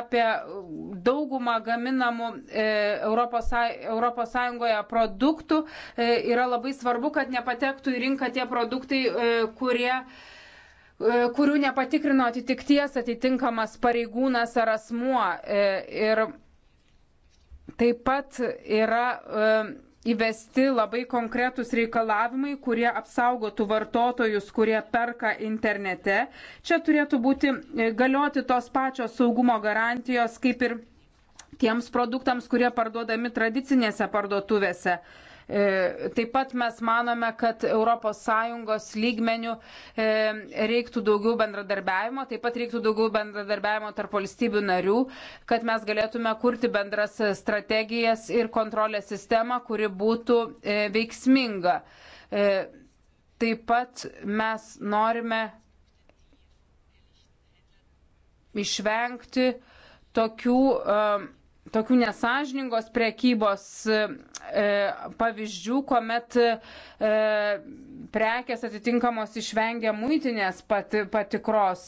apie daugumą gaminamų ES produktų. E, yra labai svarbu, kad nepatektų į rinką tie produktai, e, kurie e, kurių nepatikrino atitikties atitinkamas pareigūnas ar asmuo. Ir taip pat yra įvesti labai konkretūs reikalavimai, kurie apsaugotų vartotojus, kurie perka internete. Čia turėtų būti e, galioti tos pačios saugumo garantijos kaip ir tiems produktams, kurie parduodami tradicinėse parduotuvėse. E, taip pat mes manome, kad ES lygmenių e, reiktų daugiau bendradarbiavimo, taip pat reiktų daugiau bendradarbiavimo tarp valstybių narių, kad mes galėtume kurti bendras strategijas ir kontrolės sistemą, kuri būtų e, veiksminga. Taip pat mes norime išvengti tokių uh, tokių nesažiningos prekybos e, pavyzdžių, kuomet e, prekės atitinkamos išvengia muitinės pat, patikros.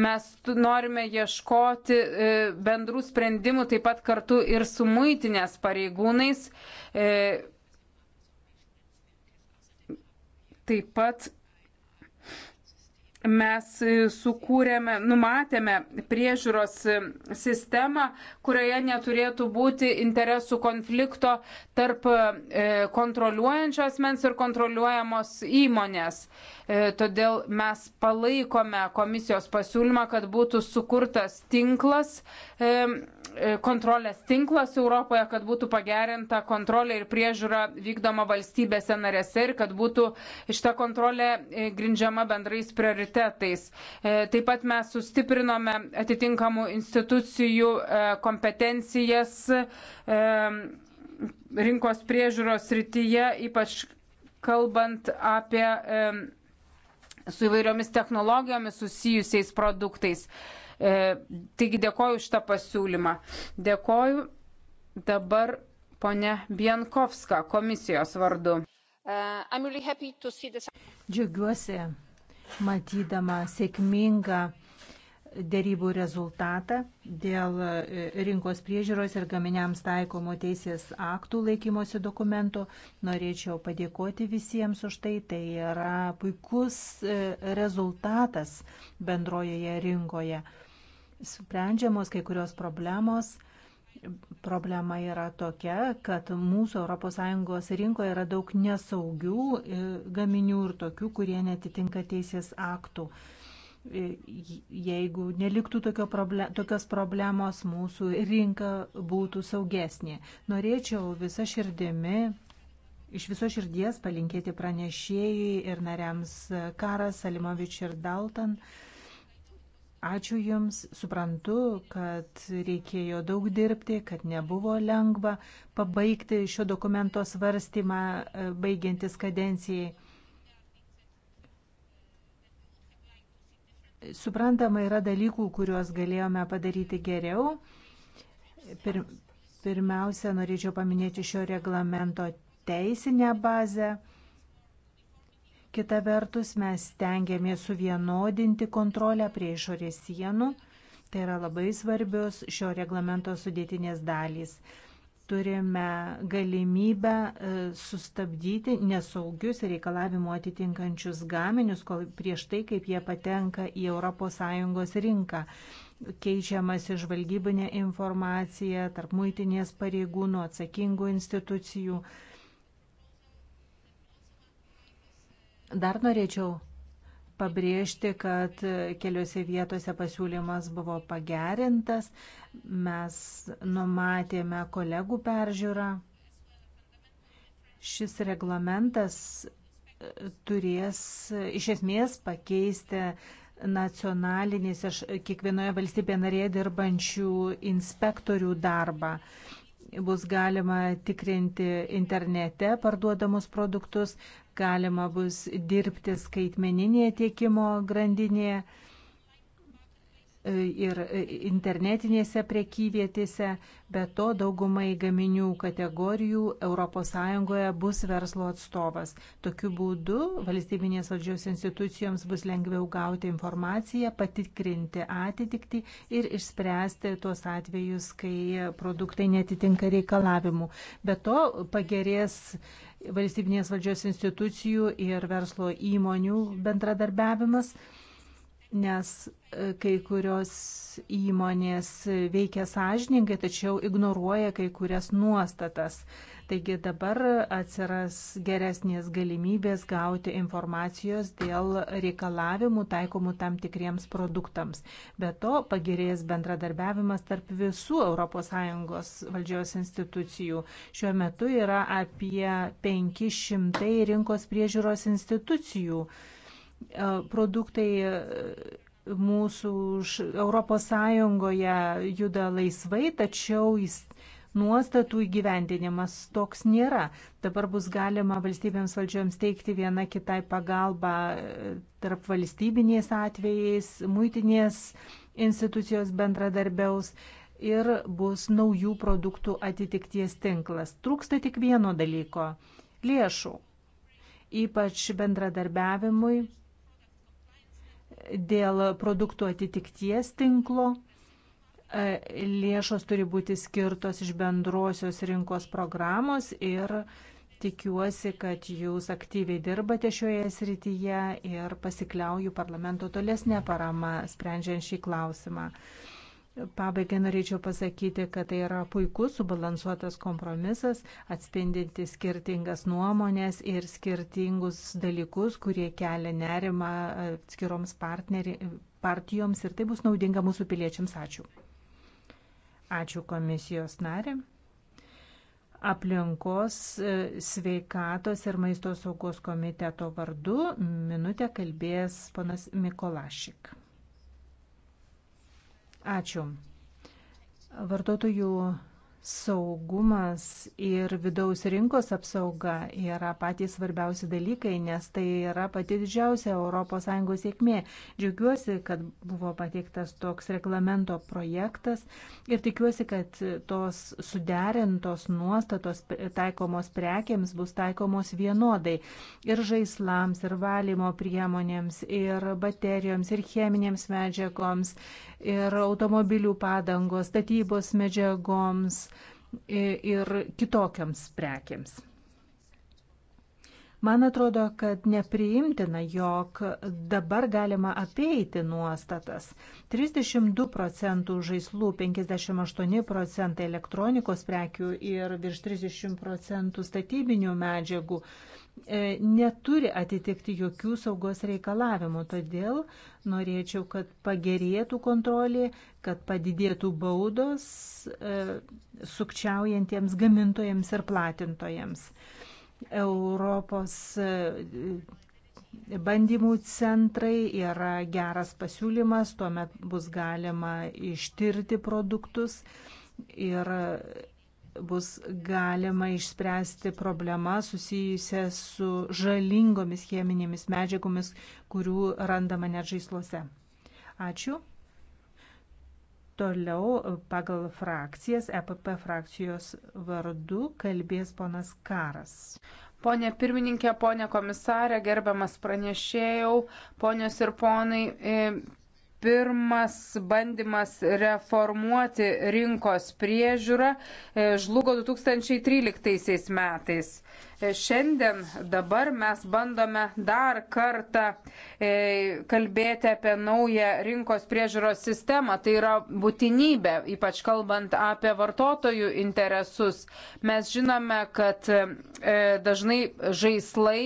Mes norime ieškoti e, bendrų sprendimų taip pat kartu ir su muitinės pareigūnais. E, taip pat mes e, sukūrėme, numatėme priežiūros e, sistemą, kurioje neturėtų būti interesų konflikto tarp e, kontroliuojančios mens ir kontroliuojamos įmonės. E, todėl mes palaikome komisijos pasiūlymą, kad būtų sukurtas tinklas, e, e, kontrolės tinklas Europoje, kad būtų pagerinta kontrolė ir priežiūra vykdoma valstybėse narėse ir kad būtų šita kontrolė grindžiama bendrais prioritetais. Taip pat mes sustiprinome atitinkamų institucijų kompetencijas rinkos priežiūros rytyje, ypač kalbant apie su įvairiomis technologijomis susijusiais produktais. E, taigi dėkoju už tą pasiūlymą. Dėkoju dabar ponė Bienkovska komisijos vardu. Uh, really this... Džiaugiuosi matydama sėkmingą dėrybų rezultatą dėl e, rinkos priežiūros ir gaminiams taikomo teisės aktų laikymosi dokumento. Norėčiau padėkoti visiems už tai. Tai yra puikus e, rezultatas bendrojoje rinkoje. Sprendžiamos kai kurios problemos. Problema yra tokia, kad mūsų ES rinkoje yra daug nesaugių e, gaminių ir tokių, kurie netitinka teisės aktų jeigu neliktų tokio problem, tokios problemos, mūsų rinka būtų saugesnė. Norėčiau visą širdimi, iš viso širdies palinkėti pranešėjai ir nariams Karas, Salimovič ir Dalton. Ačiū Jums, suprantu, kad reikėjo daug dirbti, kad nebuvo lengva pabaigti šio dokumento svarstymą e, baigiantis kadencijai. suprantama, yra dalykų, kuriuos galėjome padaryti geriau. Pir, pirmiausia, norėčiau paminėti šio reglamento teisinę bazę. Kita vertus, mes tengiamės suvienodinti kontrolę prie išorės sienų. Tai yra labai svarbios šio reglamento sudėtinės dalys turime galimybę e, sustabdyti nesaugius reikalavimo atitinkančius gaminius prieš tai, kaip jie patenka į ES rinką. Keičiamasi žvalgybinė informacija tarp muitinės pareigūnų, atsakingų institucijų. Dar norėčiau pabrėžti, kad keliose vietose pasiūlymas buvo pagerintas. Mes numatėme kolegų peržiūrą. Šis reglamentas e, turės iš esmės pakeisti nacionalinėse kiekvienoje valstybėje narėje dirbančių inspektorių darbą bus galima tikrinti internete parduodamus produktus, galima bus dirbti skaitmeninėje tiekimo grandinėje ir internetinėse prekyvietėse, bet to daugumai gaminių kategorijų ES bus verslo atstovas. Tokiu būdu valstybinės valdžios institucijoms bus lengviau gauti informaciją, patikrinti atitikti ir išspręsti tuos atvejus, kai produktai netitinka reikalavimų. Be to pagerės valstybinės valdžios institucijų ir verslo įmonių bendradarbiavimas nes e, kai kurios įmonės veikia sąžiningai, tačiau ignoruoja kai kurias nuostatas. Taigi dabar atsiras geresnės galimybės gauti informacijos dėl reikalavimų taikomų tam tikriems produktams. Be to pagerės bendradarbiavimas tarp visų ES valdžios institucijų. Šiuo metu yra apie 500 rinkos priežiūros institucijų. E, produktai e, mūsų Europos Sąjungoje juda laisvai, tačiau jis nuostatų įgyvendinimas toks nėra. Dabar bus galima valstybėms valdžioms teikti viena kitai pagalbą e, tarp valstybiniais atvejais, muitinės institucijos bendradarbiaus ir bus naujų produktų atitikties tinklas. Trūksta tik vieno dalyko - lėšų, ypač bendradarbiavimui dėl produktų atitikties tinklo. E, lėšos turi būti skirtos iš bendrosios rinkos programos ir tikiuosi, kad jūs aktyviai dirbate šioje srityje ir pasikliauju parlamento tolesnė parama sprendžiant šį klausimą. Pabaigai norėčiau pasakyti, kad tai yra puikus subalansuotas kompromisas, atspindinti skirtingas nuomonės ir skirtingus dalykus, kurie kelia nerimą atskiroms partijoms ir tai bus naudinga mūsų piliečiams. Ačiū. Ačiū komisijos narė. Aplinkos e, sveikatos ir maisto saugos komiteto vardu minutę kalbės ponas Mikolašik. Ačiū. Vartotojų Saugumas ir vidaus rinkos apsauga yra patys svarbiausi dalykai, nes tai yra pati didžiausia ES sėkmė. Džiaugiuosi, kad buvo pateiktas toks reglamento projektas ir tikiuosi, kad tos suderintos nuostatos taikomos prekiams bus taikomos vienodai ir žaislams, ir valymo priemonėms, ir baterijoms, ir cheminėms medžiagoms, ir automobilių padangos, statybos medžiagoms ir kitokiams prekiams. Man atrodo, kad nepriimtina, jog dabar galima apeiti nuostatas. 32 procentų žaislų, 58 procentai elektronikos prekių ir virš 30 procentų statybinių medžiagų E, neturi atitikti jokių saugos reikalavimų. Todėl norėčiau, kad pagerėtų kontrolė, kad padidėtų baudos e, sukčiaujantiems gamintojams ir platintojams. Europos e, bandymų centrai yra geras pasiūlymas, tuomet bus galima ištirti produktus ir bus galima išspręsti problemą susijusią su žalingomis cheminėmis medžiagomis, kurių randama net žaisluose. Ačiū. Toliau pagal frakcijas, EPP frakcijos vardu kalbės ponas Karas. Pone pirmininkė, pone komisarė, gerbiamas pranešėjau, ponios ir ponai, e, pirmas bandymas reformuoti rinkos priežiūrą e, žlugo 2013 metais. E, šiandien dabar mes bandome dar kartą e, kalbėti apie naują rinkos priežiūros sistemą. Tai yra būtinybė, ypač kalbant apie vartotojų interesus. Mes žinome, kad e, dažnai žaislai,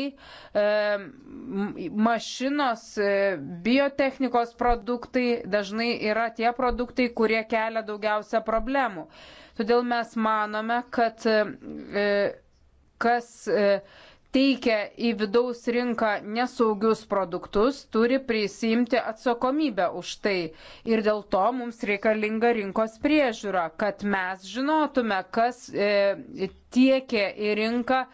mašinos, biotechnikos produktai dažnai yra tie produktai, kurie kelia daugiausia problemų. Todėl mes manome, kad kas e, teikia į vidaus rinką nesaugius produktus, turi prisimti atsakomybę už tai. Ir dėl to mums reikalinga rinkos priežiūra, kad mes žinotume, kas e, tiekė į rinką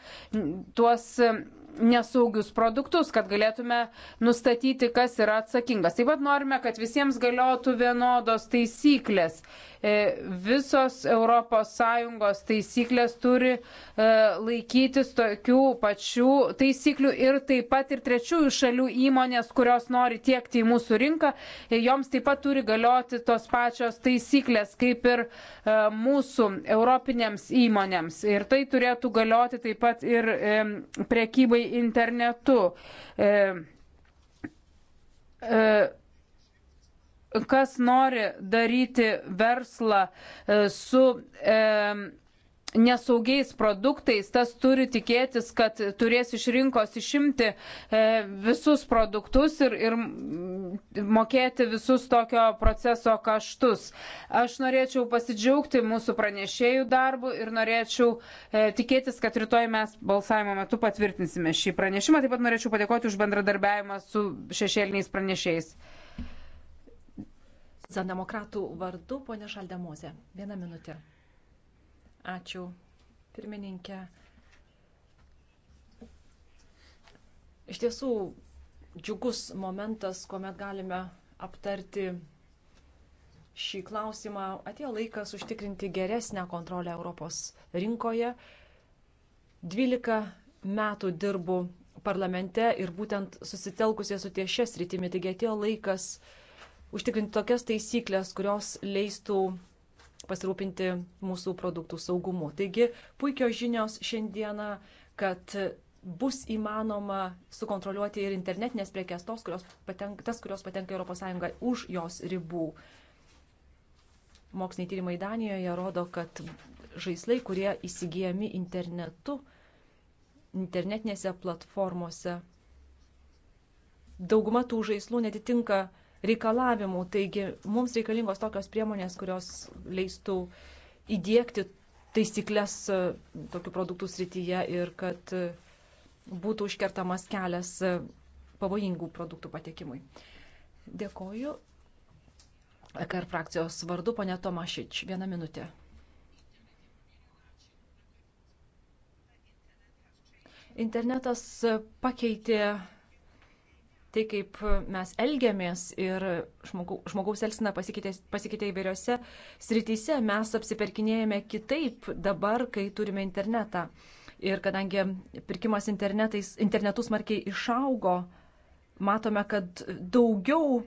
tuos. E, nesaugius produktus, kad galėtume nustatyti, kas yra atsakingas. Taip pat norime, kad visiems galiotų vienodos taisyklės. E, visos ES taisyklės turi e, laikytis tokių pačių taisyklių ir taip pat ir trečiųjų šalių įmonės, kurios nori tiekti į mūsų rinką, e, joms taip pat turi galioti tos pačios taisyklės kaip ir mūsų europinėms įmonėms. Ir tai turėtų galioti taip pat ir prekybai prekybai internetu. E, e, kas nori daryti verslą e, su e, nesaugiais produktais, tas turi tikėtis, kad turės iš rinkos išimti e, visus produktus ir, ir mokėti visus tokio proceso kaštus. Aš norėčiau pasidžiaugti mūsų pranešėjų darbu ir norėčiau e, tikėtis, kad rytoj mes balsavimo metu patvirtinsime šį pranešimą. Taip pat norėčiau padėkoti už bendradarbiavimą su šešėliniais pranešėjais. Zandemokratų vardu, ponė Šaldemozė. Vieną minutę. Ačiū, pirmininkė. Iš tiesų, džiugus momentas, kuomet galime aptarti šį klausimą. Atėjo laikas užtikrinti geresnę kontrolę Europos rinkoje. 12 metų dirbu parlamente ir būtent susitelkusie su tiešia sritimi. Taigi atėjo laikas užtikrinti tokias taisyklės, kurios leistų pasirūpinti mūsų produktų saugumu. Taigi puikios žinios šiandieną, kad bus įmanoma sukontroliuoti ir internetinės prekes, tos, kurios patenka, tas, kurios patenka ES už jos ribų. Moksliniai tyrimai Danijoje rodo, kad žaislai, kurie įsigijami internetu, internetinėse platformose, dauguma tų žaislų netitinka reikalavimų. Taigi mums reikalingos tokios priemonės, kurios leistų įdėkti taisyklės e, tokių produktų srityje ir kad e, būtų užkertamas kelias e, pavojingų produktų patekimui. Dėkoju. EKR frakcijos vardu, ponė Tomašič, vieną minutę. Internetas pakeitė tai, kaip mes elgiamės ir žmogaus elgsena pasikeitė, pasikeitė įvairiose srityse, mes apsiperkinėjame kitaip dabar, kai turime internetą. Ir kadangi pirkimas internetu smarkiai išaugo, matome, kad daugiau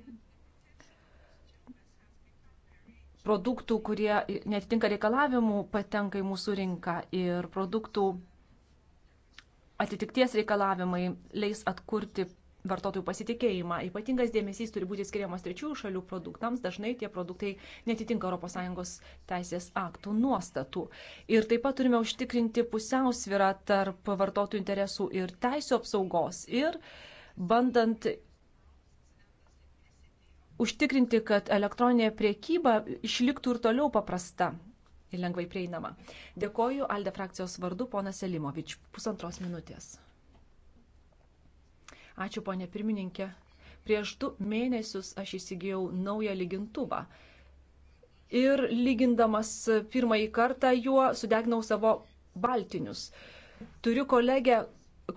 produktų, kurie netitinka reikalavimų, patenka į mūsų rinką ir produktų atitikties reikalavimai leis atkurti vartotojų pasitikėjimą. Ypatingas dėmesys turi būti skiriamas trečiųjų šalių produktams, dažnai tie produktai netitinka ES teisės aktų nuostatų. Ir taip pat turime užtikrinti pusiausvirą tarp vartotojų interesų ir teisų apsaugos ir bandant užtikrinti, kad elektroninė priekyba išliktų ir toliau paprasta. Ir lengvai prieinama. Dėkoju Alde frakcijos vardu, ponas Selimovič. Pusantros minutės. Ačiū, ponė pirmininkė. Prieš du mėnesius aš įsigijau naują lygintuvą. Ir lygindamas pirmąjį kartą juo sudegnau savo baltinius. Turiu kolegę,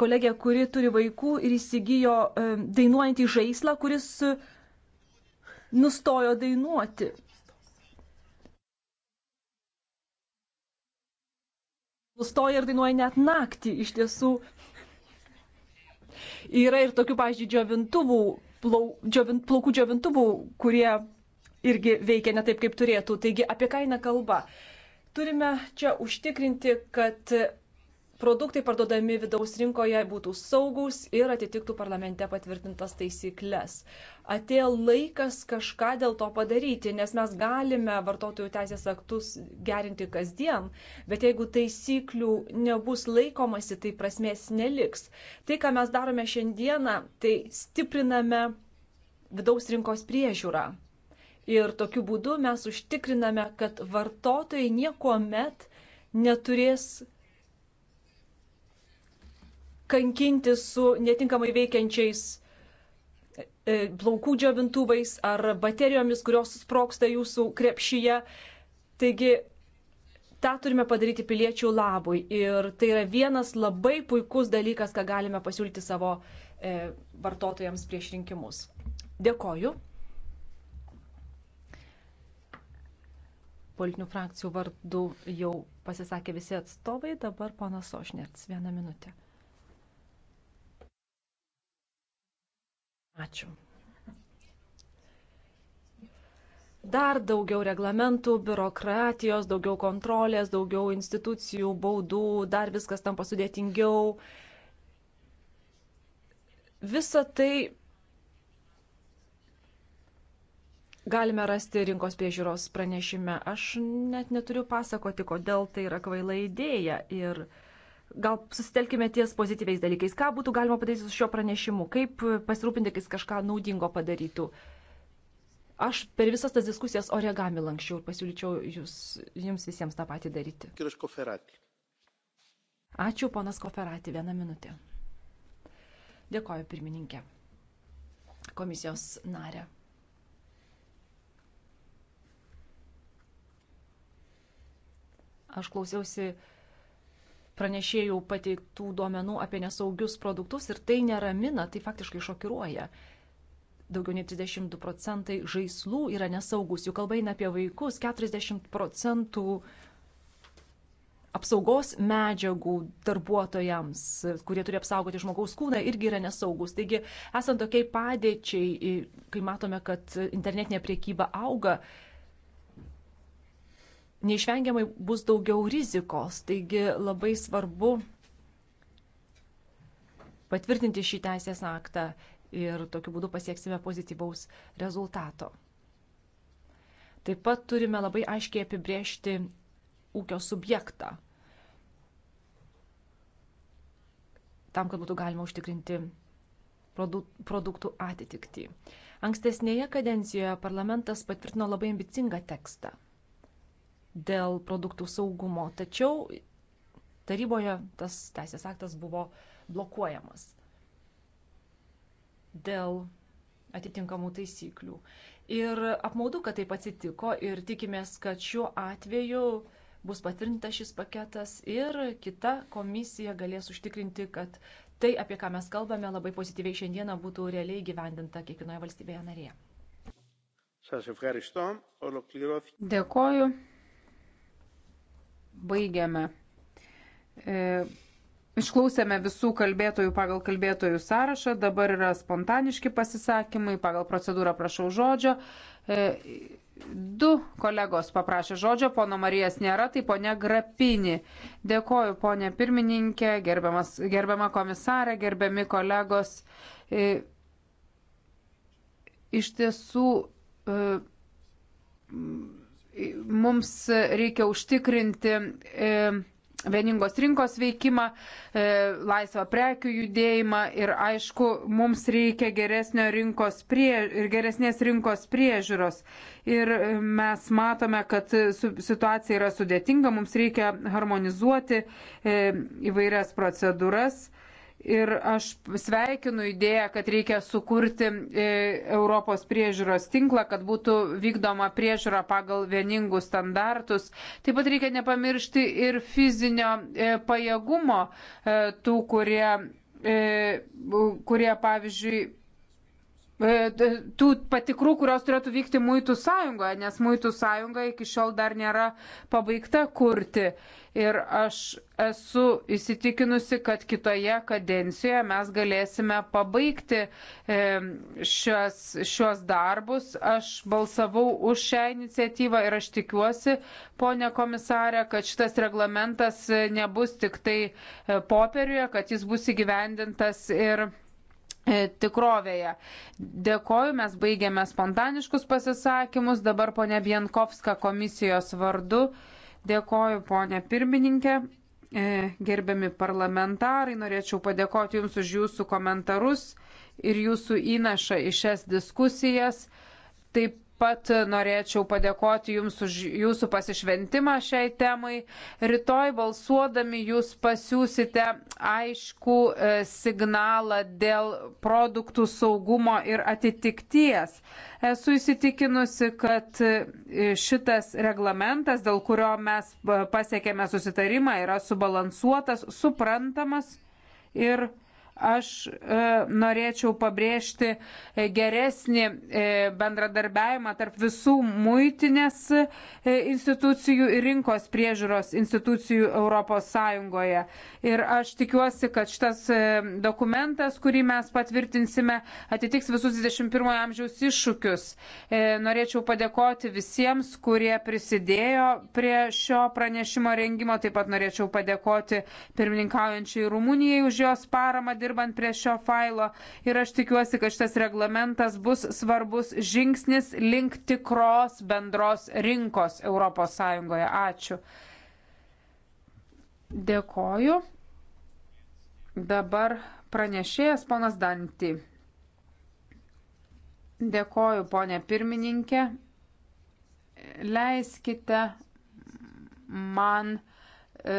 kolegę kuri turi vaikų ir įsigijo e, dainuojantį žaislą, kuris e, nustojo dainuoti. Nustoja ir dainuoja net naktį. Iš tiesų, Yra ir tokių, pavyzdžiui, džiovintuvų, plau, džiovint, plaukų džiovintuvų, kurie irgi veikia ne taip, kaip turėtų. Taigi, apie ką eina kalba? Turime čia užtikrinti, kad produktai parduodami vidaus rinkoje būtų saugus ir atitiktų parlamente patvirtintas taisyklės. Atėjo laikas kažką dėl to padaryti, nes mes galime vartotojų teisės aktus gerinti kasdien, bet jeigu taisyklių nebus laikomasi, tai prasmės neliks. Tai, ką mes darome šiandieną, tai stipriname vidaus rinkos priežiūrą. Ir tokiu būdu mes užtikriname, kad vartotojai nieko met neturės kankinti su netinkamai veikiančiais e, plaukų džiovintuvais ar baterijomis, kurios sproksta jūsų krepšyje. Taigi, tą turime padaryti piliečių labui. Ir tai yra vienas labai puikus dalykas, ką galime pasiūlyti savo e, vartotojams prieš rinkimus. Dėkoju. Politinių frakcijų vardu jau pasisakė visi atstovai, dabar ponas Ošnerts, vieną minutę. Ačiū. Dar daugiau reglamentų, biurokratijos, daugiau kontrolės, daugiau institucijų, baudų, dar viskas tampa sudėtingiau. Visą tai galime rasti rinkos priežiūros pranešime. Aš net neturiu pasakoti, kodėl tai yra kvaila idėja ir uh, gal susitelkime ties pozityviais dalykais. Ką būtų galima padaryti su šiuo pranešimu? Kaip pasirūpinti, kad jis kažką naudingo padarytų? Aš per visas tas diskusijas oregami lankščiau ir pasiūlyčiau jūs, jums visiems tą patį daryti. Ačiū, ponas Koferati, vieną minutę. Dėkoju, pirmininkė. Komisijos narė. Aš klausiausi uh, pranešėjų pateiktų duomenų apie nesaugius produktus ir tai neramina, tai faktiškai šokiruoja. Daugiau nei 32 procentai žaislų yra nesaugus, jų kalba eina apie vaikus, 40 procentų apsaugos medžiagų darbuotojams, kurie turi apsaugoti žmogaus kūną, irgi yra nesaugus. Taigi, esant tokiai padėčiai, kai matome, kad internetinė priekyba auga, neišvengiamai bus daugiau rizikos, taigi labai svarbu patvirtinti šį teisės aktą ir tokiu būdu pasieksime pozityvaus rezultato. Taip pat turime labai aiškiai apibriežti ūkio subjektą, tam, kad būtų galima užtikrinti produktų atitikti. Ankstesnėje kadencijoje parlamentas patvirtino labai ambicingą tekstą – dėl produktų saugumo. Tačiau taryboje tas teisės aktas buvo blokuojamas dėl atitinkamų taisyklių. Ir apmaudu, kad taip atsitiko ir tikimės, kad šiuo atveju bus patvirtintas šis paketas ir kita komisija galės užtikrinti, kad tai, apie ką mes kalbame, labai pozityviai šiandieną būtų realiai gyvendinta kiekvienoje valstybėje narėje. Dėkoju baigiame. E, išklausėme visų kalbėtojų pagal kalbėtojų sąrašą, dabar yra spontaniški pasisakymai, pagal procedūrą prašau žodžio. E, du kolegos paprašė žodžio, pono Marijas nėra, tai ponia Grapini. Dėkoju, ponia pirmininkė, gerbiamas, gerbiama komisarė, gerbiami kolegos. E, iš tiesų, mums reikia užtikrinti e, vieningos rinkos veikimą, e, laisvą prekių judėjimą ir aišku, mums reikia geresnio rinkos prie, ir geresnės rinkos priežiūros. Ir e, mes matome, kad situacija yra sudėtinga, mums reikia harmonizuoti įvairias procedūras Ir aš sveikinu idėją, kad reikia sukurti e, Europos priežiūros tinklą, kad būtų vykdoma priežiūra pagal vieningus standartus. Taip pat reikia nepamiršti ir fizinio e, pajėgumo e, tų, kurie, kurie pavyzdžiui, E, tų patikrų, kurios turėtų vykti muitų sąjungoje, nes muitų sąjunga iki šiol dar nėra pabaigta kurti. Ir aš esu įsitikinusi, kad kitoje kadencijoje mes galėsime pabaigti e, šios, šios darbus. Aš balsavau už šią iniciatyvą ir aš tikiuosi, ponė komisarė, kad šitas reglamentas nebus tik tai e, popieriuje, kad jis bus įgyvendintas ir E, tikrovėje. Dėkoju, mes baigėme spontaniškus pasisakymus, dabar ponė Bienkovska komisijos vardu. Dėkoju, ponė pirmininkė. E, gerbiami parlamentarai, norėčiau padėkoti Jums už Jūsų komentarus ir Jūsų įnašą į šias diskusijas. Taip pat norėčiau padėkoti Jums už Jūsų pasišventimą šiai temai. Rytoj balsuodami Jūs pasiūsite aišku e, signalą dėl produktų saugumo ir atitikties. Esu įsitikinusi, kad e, šitas reglamentas, dėl kurio mes e, pasiekėme susitarimą, yra subalansuotas, suprantamas ir Aš e, norėčiau pabrėžti e, geresnį e, bendradarbiavimą tarp visų muitinės institucijų ir rinkos priežiūros institucijų ES. Ir aš tikiuosi, kad šitas dokumentas, kurį mes patvirtinsime, atitiks visus 21 amžiaus iššūkius. Norėčiau padėkoti visiems, kurie prisidėjo prie šio pranešimo rengimo. Taip pat norėčiau padėkoti pirmininkaujančiai Rumunijai už jos paramą dirbant prie šio failo ir aš tikiuosi, kad šitas reglamentas bus svarbus žingsnis link tikros bendros rinkos ES. Ačiū. Dėkoju. Dabar pranešėjas ponas Dantį. Dėkoju, ponė pirmininkė. Leiskite man E,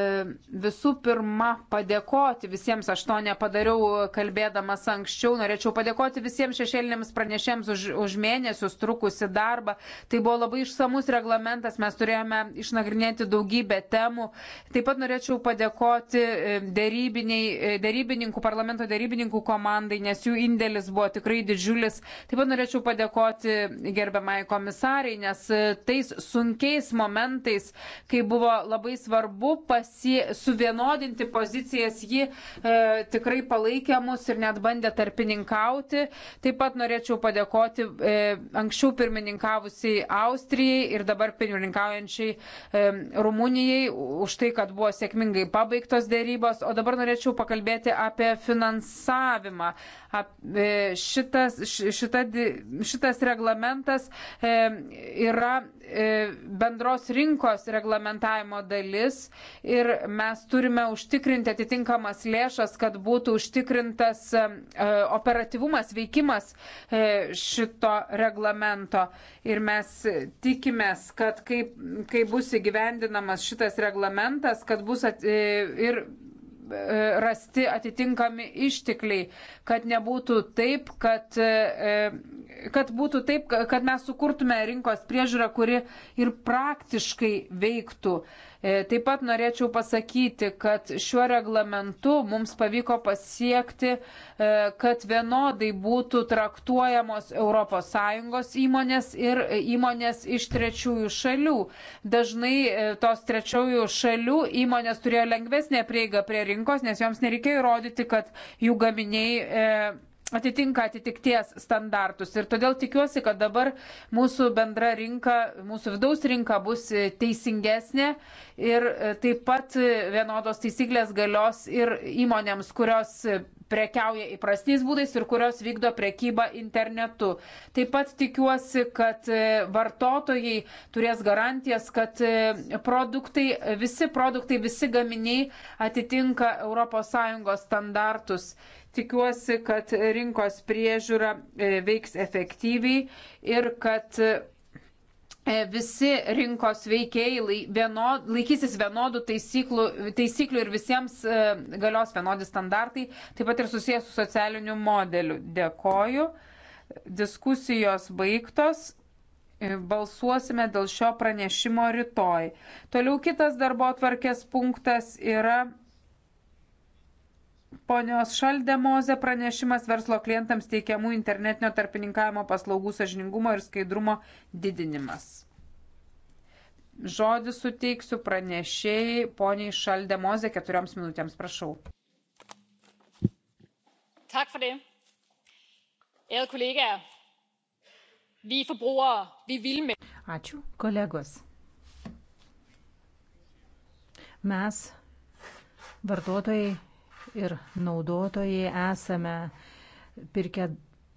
visų pirma padėkoti visiems, aš to nepadariau e, kalbėdamas anksčiau, norėčiau padėkoti visiems šešėlinėms pranešėms už, už mėnesius trukusi darbą. Tai buvo labai išsamus reglamentas, mes turėjome išnagrinėti daugybę temų. Taip pat norėčiau padėkoti e, dėrybininkų, parlamento dėrybininkų komandai, nes jų indėlis buvo tikrai didžiulis. Taip pat norėčiau padėkoti gerbiamai komisariai, nes tais sunkiais momentais, kai buvo labai svarbu pasie, suvienodinti pozicijas, ji e, tikrai palaikė mus ir net bandė tarpininkauti. Taip pat norėčiau padėkoti e, anksčiau pirmininkavusiai Austrijai ir dabar pirmininkaujančiai e, Rumunijai už tai, kad buvo sėkmingai pabaigtos dėrybos. O dabar norėčiau pakalbėti apie finansavimą. Ap, e, šitas, šita, šitas reglamentas e, yra e, bendros rinkos reglamentavimo dalis ir mes turime užtikrinti atitinkamas lėšas, kad būtų užtikrintas e, operatyvumas, veikimas e, šito reglamento. Ir mes tikimės, kad kai, kai bus įgyvendinamas šitas reglamentas, kad bus at, e, ir rasti atitinkami ištikliai, kad nebūtų taip, kad, kad būtų taip, kad mes sukurtume rinkos priežiūrą, kuri ir praktiškai veiktų. E, taip pat norėčiau pasakyti, kad šiuo reglamentu mums pavyko pasiekti, e, kad vienodai būtų traktuojamos ES įmonės ir įmonės iš trečiųjų šalių. Dažnai e, tos trečiųjų šalių įmonės turėjo lengvesnę prieigą prie rinkos, nes joms nereikėjo įrodyti, kad jų gaminiai atitinka atitikties standartus. Ir todėl tikiuosi, kad dabar mūsų bendra rinka, mūsų vidaus rinka bus teisingesnė ir e, taip pat e, vienodos taisyklės galios ir įmonėms, kurios prekiauja įprastiniais būdais ir kurios vykdo prekybą internetu. Taip pat tikiuosi, kad e, vartotojai turės garantijas, kad produktai, visi produktai, visi gaminiai atitinka ES standartus. Tikiuosi, kad rinkos priežiūra e, veiks efektyviai ir kad e, visi rinkos veikėjai vienod, laikysis vienodų taisyklių, taisyklių ir visiems e, galios vienodi standartai, taip pat ir susijęs su socialiniu modeliu. Dėkoju. Diskusijos baigtos. Balsuosime dėl šio pranešimo rytoj. Toliau kitas darbo atvarkės punktas yra Ponios Šaldemoze pranešimas verslo klientams teikiamų internetinio tarpininkavimo paslaugų sažiningumo ir skaidrumo didinimas. Žodį suteiksiu pranešėjai poniai Šaldemoze keturioms minutėms, prašau. Tak for det. Ærede kollegaer, vi er forbrugere, vi er vil med. Ačiū, kolegos. Mes, vartotojai, ir naudotojai esame pirkę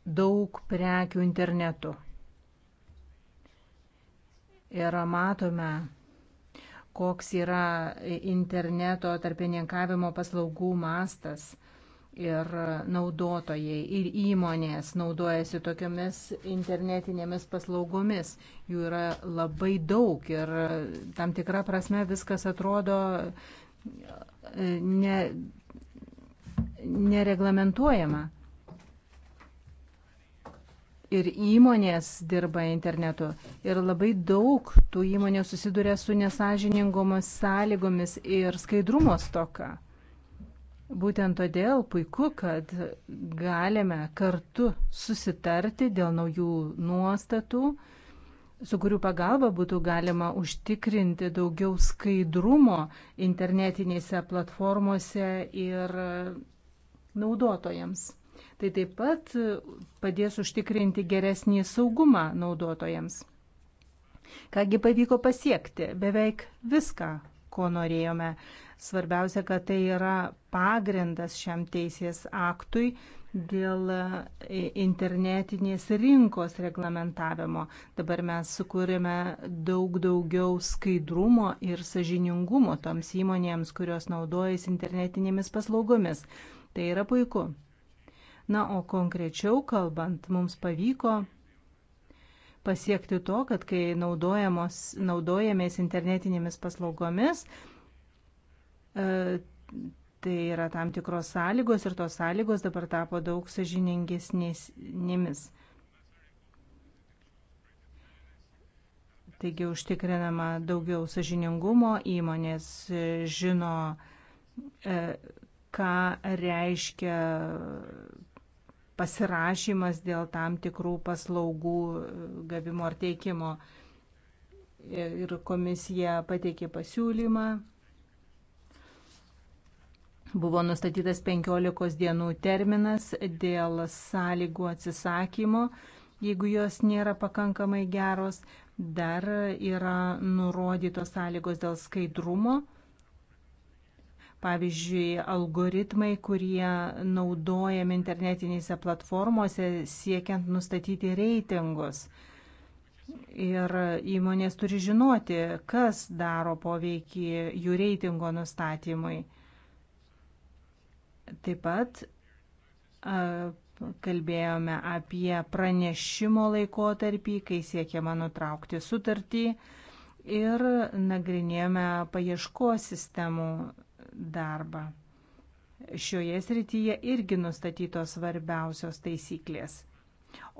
daug prekių internetu. Ir matome, koks yra interneto tarpininkavimo paslaugų mastas ir naudotojai, ir įmonės naudojasi tokiamis internetinėmis paslaugomis. Jų yra labai daug ir tam tikra prasme viskas atrodo e, ne, nereglamentuojama. Ir įmonės dirba internetu. Ir labai daug tų įmonių susiduria su nesažiningomis sąlygomis ir skaidrumo stoka. Būtent todėl puiku, kad galime kartu susitarti dėl naujų nuostatų, su kurių pagalba būtų galima užtikrinti daugiau skaidrumo internetinėse platformose ir naudotojams. Tai taip pat padės užtikrinti geresnį saugumą naudotojams. Kągi pavyko pasiekti? Beveik viską, ko norėjome. Svarbiausia, kad tai yra pagrindas šiam teisės aktui dėl internetinės rinkos reglamentavimo. Dabar mes sukūrėme daug daugiau skaidrumo ir sažiningumo toms įmonėms, kurios naudojasi internetinėmis paslaugomis. Tai yra puiku. Na, o konkrečiau kalbant, mums pavyko pasiekti to, kad kai naudojamės internetinėmis paslaugomis, e, tai yra tam tikros sąlygos ir tos sąlygos dabar tapo daug sažiningesnėmis. Taigi užtikrinama daugiau sažiningumo, įmonės e, žino, e, ką reiškia pasirašymas dėl tam tikrų paslaugų gavimo ar teikimo. Ir komisija pateikė pasiūlymą. Buvo nustatytas 15 dienų terminas dėl sąlygų atsisakymo, jeigu jos nėra pakankamai geros. Dar yra nurodytos sąlygos dėl skaidrumo Pavyzdžiui, algoritmai, kurie naudojami internetinėse platformose siekiant nustatyti reitingus. Ir įmonės turi žinoti, kas daro poveikį jų reitingo nustatymui. Taip pat kalbėjome apie pranešimo laikotarpį, kai siekiama nutraukti sutartį ir nagrinėjome paieškos sistemų darbą. Šioje srityje irgi nustatytos svarbiausios taisyklės.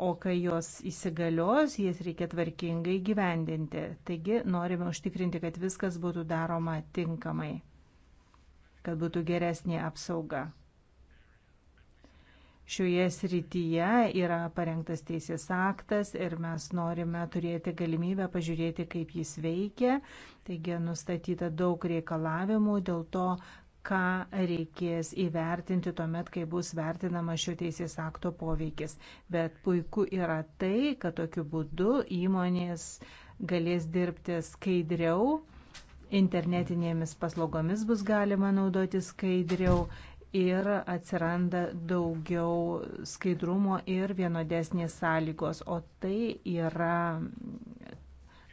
O kai jos įsigalios, jas reikia tvarkingai gyvendinti. Taigi norime užtikrinti, kad viskas būtų daroma tinkamai, kad būtų geresnė apsauga. Šioje srityje yra parengtas teisės aktas ir mes norime turėti galimybę pažiūrėti, kaip jis veikia. Taigi nustatyta daug reikalavimų dėl to, ką reikės įvertinti tuomet, kai bus vertinama šio teisės akto poveikis. Bet puiku yra tai, kad tokiu būdu įmonės galės dirbti skaidriau, internetinėmis paslaugomis bus galima naudoti skaidriau ir atsiranda daugiau skaidrumo ir vienodesnės sąlygos, o tai yra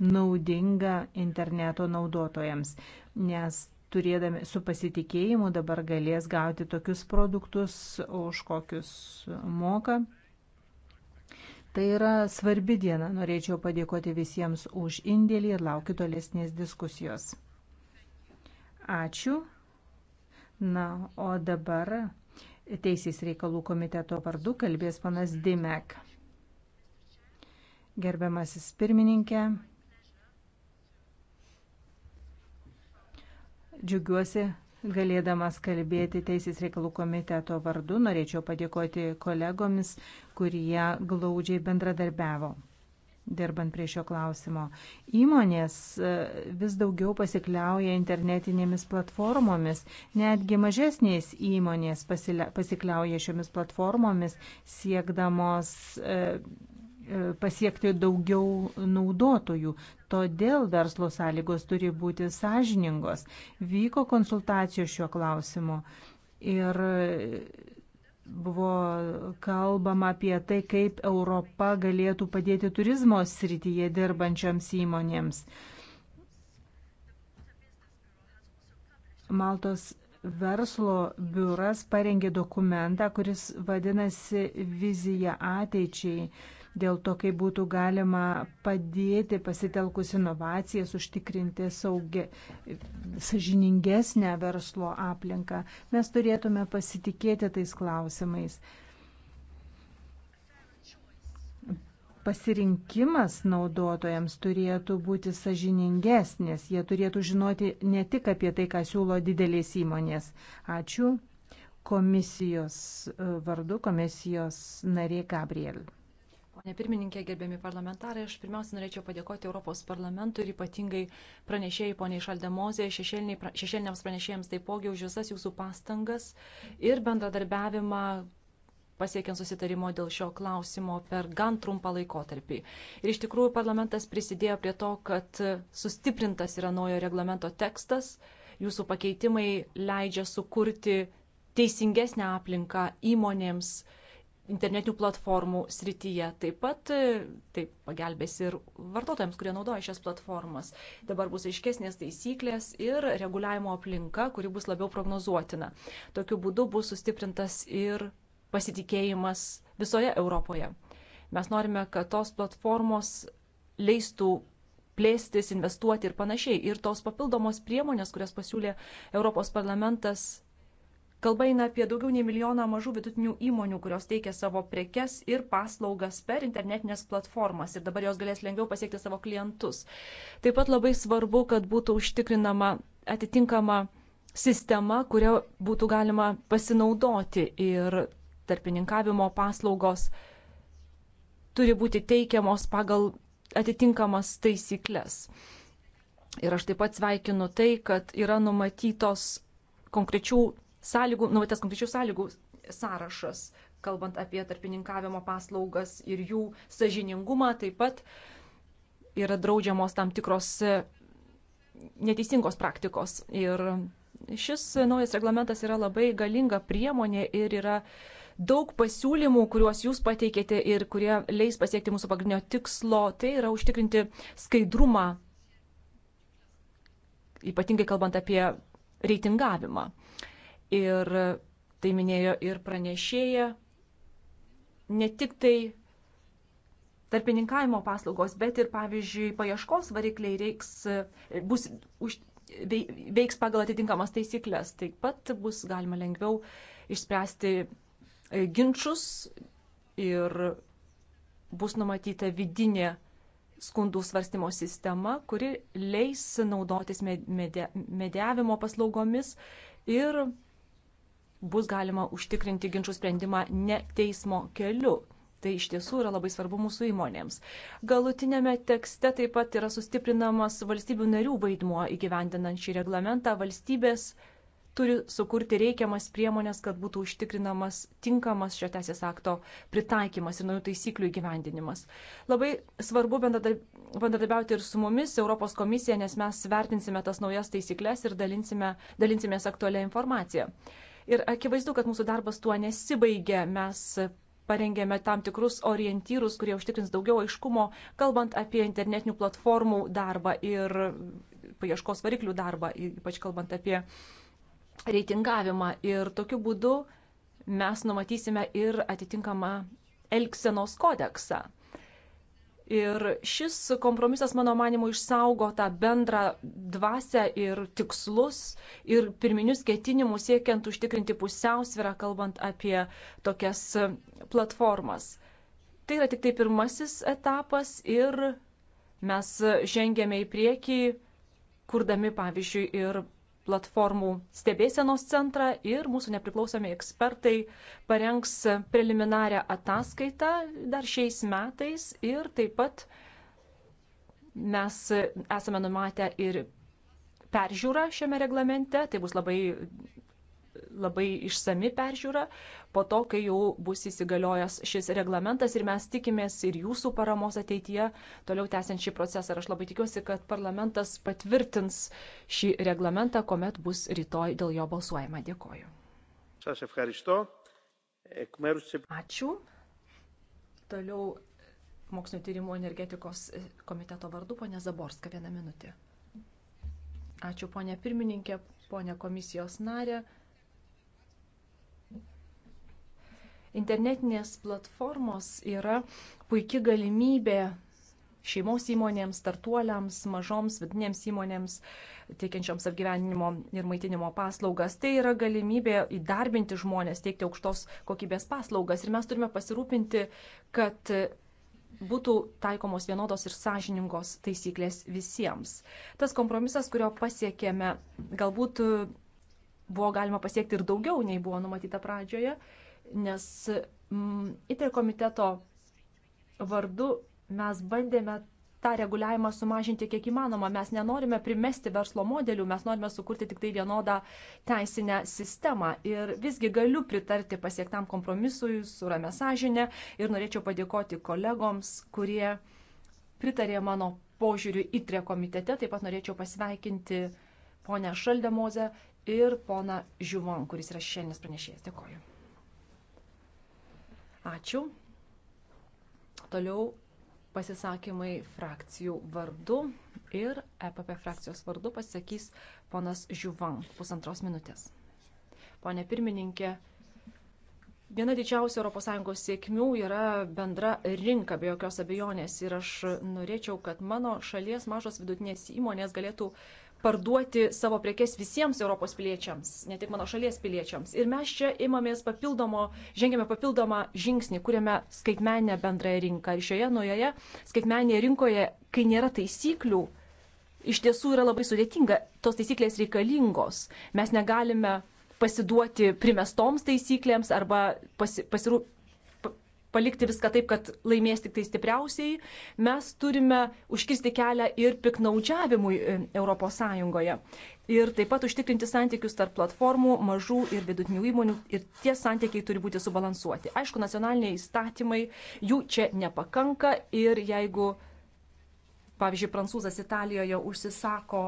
naudinga interneto naudotojams, nes turėdami su pasitikėjimu dabar galės gauti tokius produktus, už kokius moka. Tai yra svarbi diena. Norėčiau padėkoti visiems už indėlį ir laukiu tolesnės diskusijos. Ačiū. Na, o dabar Teisės reikalų komiteto vardu kalbės panas Dimek. Gerbiamasis pirmininkė, džiugiuosi galėdamas kalbėti Teisės reikalų komiteto vardu. Norėčiau padėkoti kolegomis, kurie glaudžiai bendradarbiavo dirbant prie šio klausimo. Įmonės e, vis daugiau pasikliauja internetinėmis platformomis, netgi mažesnės įmonės pasikliauja šiomis platformomis, siekdamos e, e, pasiekti daugiau naudotojų. Todėl verslo sąlygos turi būti sąžiningos. Vyko konsultacijos šiuo klausimu. Ir buvo kalbama apie tai, kaip Europa galėtų padėti turizmo srityje dirbančioms įmonėms. Maltos verslo biuras parengė dokumentą, kuris vadinasi Vizija ateičiai dėl to, kaip būtų galima padėti pasitelkus inovacijas užtikrinti saugę, sažiningesnę verslo aplinką. Mes turėtume pasitikėti tais klausimais. pasirinkimas naudotojams turėtų būti sažiningesnis, jie turėtų žinoti ne tik apie tai, ką siūlo didelės įmonės. Ačiū komisijos e, vardu, komisijos narė Gabriel. Pone pirmininkė, gerbiami parlamentarai, aš pirmiausia norėčiau padėkoti Europos parlamentui ir ypatingai pranešėjai poniai Šaldemozė, šešėliniams pranešėjams taipogi už visas jūsų pastangas ir bendradarbiavimą pasiekiant susitarimo dėl šio klausimo per gan trumpą laikotarpį. Ir iš tikrųjų parlamentas prisidėjo prie to, kad sustiprintas yra naujo reglamento tekstas, jūsų pakeitimai leidžia sukurti teisingesnę aplinką įmonėms, uh, internetinių platformų srityje. Taip pat e, taip pagelbės ir vartotojams, kurie naudoja šias platformas. Dabar bus aiškesnės taisyklės ir reguliavimo aplinka, kuri bus labiau prognozuotina. Tokiu būdu bus sustiprintas ir pasitikėjimas visoje Europoje. Mes norime, kad tos platformos leistų plėstis, investuoti ir panašiai. Ir tos papildomos priemonės, kurias pasiūlė Europos parlamentas, Kalba eina apie daugiau nei milijoną mažų vidutinių įmonių, kurios teikia savo prekes ir paslaugas per internetinės platformas ir dabar jos galės lengviau pasiekti savo klientus. Taip pat labai svarbu, kad būtų užtikrinama atitinkama sistema, kuria būtų galima pasinaudoti ir tarpininkavimo paslaugos turi būti teikiamos pagal atitinkamas taisyklės. Ir aš taip pat sveikinu tai, kad yra numatytos konkrečių sąlygų, numatytas konkrečių sąlygų sąrašas, kalbant apie tarpininkavimo paslaugas ir jų sažiningumą, taip pat yra draudžiamos tam tikros e, neteisingos praktikos. Ir šis naujas reglamentas yra labai galinga priemonė ir yra daug pasiūlymų, kuriuos jūs pateikėte ir kurie leis pasiekti mūsų pagrindinio tikslo, tai yra užtikrinti skaidrumą, ypatingai kalbant apie reitingavimą ir tai minėjo ir pranešėja, ne tik tai tarpininkavimo paslaugos, bet ir, pavyzdžiui, paieškos varikliai reiks, bus, už, veiks pagal atitinkamas taisyklės. Taip pat bus galima lengviau išspręsti e, ginčius ir bus numatyta vidinė skundų svarstymo sistema, kuri leis naudotis mediavimo paslaugomis ir bus galima užtikrinti ginčių sprendimą ne teismo keliu. Tai iš tiesų yra labai svarbu mūsų įmonėms. Galutinėme tekste taip pat yra sustiprinamas valstybių narių vaidmuo įgyvendinant šį reglamentą. Valstybės turi sukurti reikiamas priemonės, kad būtų užtikrinamas tinkamas šio teisės akto pritaikymas ir naujų taisyklių įgyvendinimas. Labai svarbu bendradarbiauti ir su mumis, Europos komisija, nes mes vertinsime tas naujas taisyklės ir dalinsimės aktualią informaciją. Ir akivaizdu, kad mūsų darbas tuo nesibaigia. Mes parengėme tam tikrus orientyrus, kurie užtikrins daugiau aiškumo, kalbant apie internetinių platformų darbą ir paieškos variklių darbą, ypač kalbant apie reitingavimą. Ir tokiu būdu mes numatysime ir atitinkamą Elksenos kodeksą. Ir šis kompromisas, mano manimu, išsaugo tą bendrą dvasę ir tikslus ir pirminius ketinimus siekiant užtikrinti pusiausvirą, kalbant apie tokias platformas. Tai yra tik tai pirmasis etapas ir mes žengėme į priekį, kurdami, pavyzdžiui, ir platformų stebėsenos centrą ir mūsų nepriklausomi ekspertai parengs preliminarią ataskaitą dar šiais metais ir taip pat mes esame numatę ir peržiūrą šiame reglamente, tai bus labai labai išsami peržiūra po to, kai jau bus įsigaliojęs šis reglamentas ir mes tikimės ir jūsų paramos ateityje toliau tęsiant šį procesą. Ir aš labai tikiuosi, kad parlamentas patvirtins šį reglamentą, kuomet bus rytoj dėl jo balsuojama. Dėkoju. Ačiū. Toliau mokslinio tyrimų energetikos komiteto vardu, ponė Zaborska, vieną minutę. Ačiū, ponė pirmininkė, ponė komisijos narė. Internetinės platformos yra puikia galimybė šeimos įmonėms, startuoliams, mažoms, vidinėms įmonėms, teikiančioms apgyvenimo ir maitinimo paslaugas. Tai yra galimybė įdarbinti žmonės, teikti aukštos kokybės paslaugas. Ir mes turime pasirūpinti, kad būtų taikomos vienodos ir sąžiningos taisyklės visiems. Tas kompromisas, kurio pasiekėme, galbūt buvo galima pasiekti ir daugiau, nei buvo numatyta pradžioje nes mm, ITER komiteto vardu mes bandėme tą reguliavimą sumažinti kiek įmanoma. Mes nenorime primesti verslo modelių, mes norime sukurti tik tai vienodą teisinę sistemą. Ir visgi galiu pritarti pasiektam kompromisui su ramė sąžinė ir norėčiau padėkoti kolegoms, kurie pritarė mano požiūriu įtrė komitete. Taip pat norėčiau pasveikinti ponę Šaldemozę ir poną Žiuvon, kuris yra šiandienis pranešėjas. Dėkoju. Ačiū. Toliau pasisakymai frakcijų vardu ir EPP frakcijos vardu pasisakys ponas Žuvan pusantros minutės. Pone pirmininkė, viena didžiausia ES sėkmių yra bendra rinka, be jokios abejonės. Ir aš norėčiau, kad mano šalies mažos vidutinės įmonės galėtų uh, parduoti savo prekes visiems Europos piliečiams, ne tik mano šalies piliečiams. Ir mes čia imamės papildomo, žengėme papildomą žingsnį, kuriame skaitmenę bendrąją rinką. Ir šioje naujoje skaitmenėje rinkoje, kai nėra taisyklių, iš tiesų yra labai sudėtinga, tos taisyklės reikalingos. Mes negalime pasiduoti primestoms taisyklėms arba pasi, pasirūpinti palikti viską taip, kad laimės tik tai stipriausiai, mes turime užkirsti kelią ir piknaudžiavimui ES. Ir taip pat užtikrinti santykius tarp platformų, mažų ir vidutinių įmonių ir tie santykiai turi būti subalansuoti. Aišku, nacionaliniai įstatymai jų čia nepakanka ir jeigu, pavyzdžiui, prancūzas Italijoje užsisako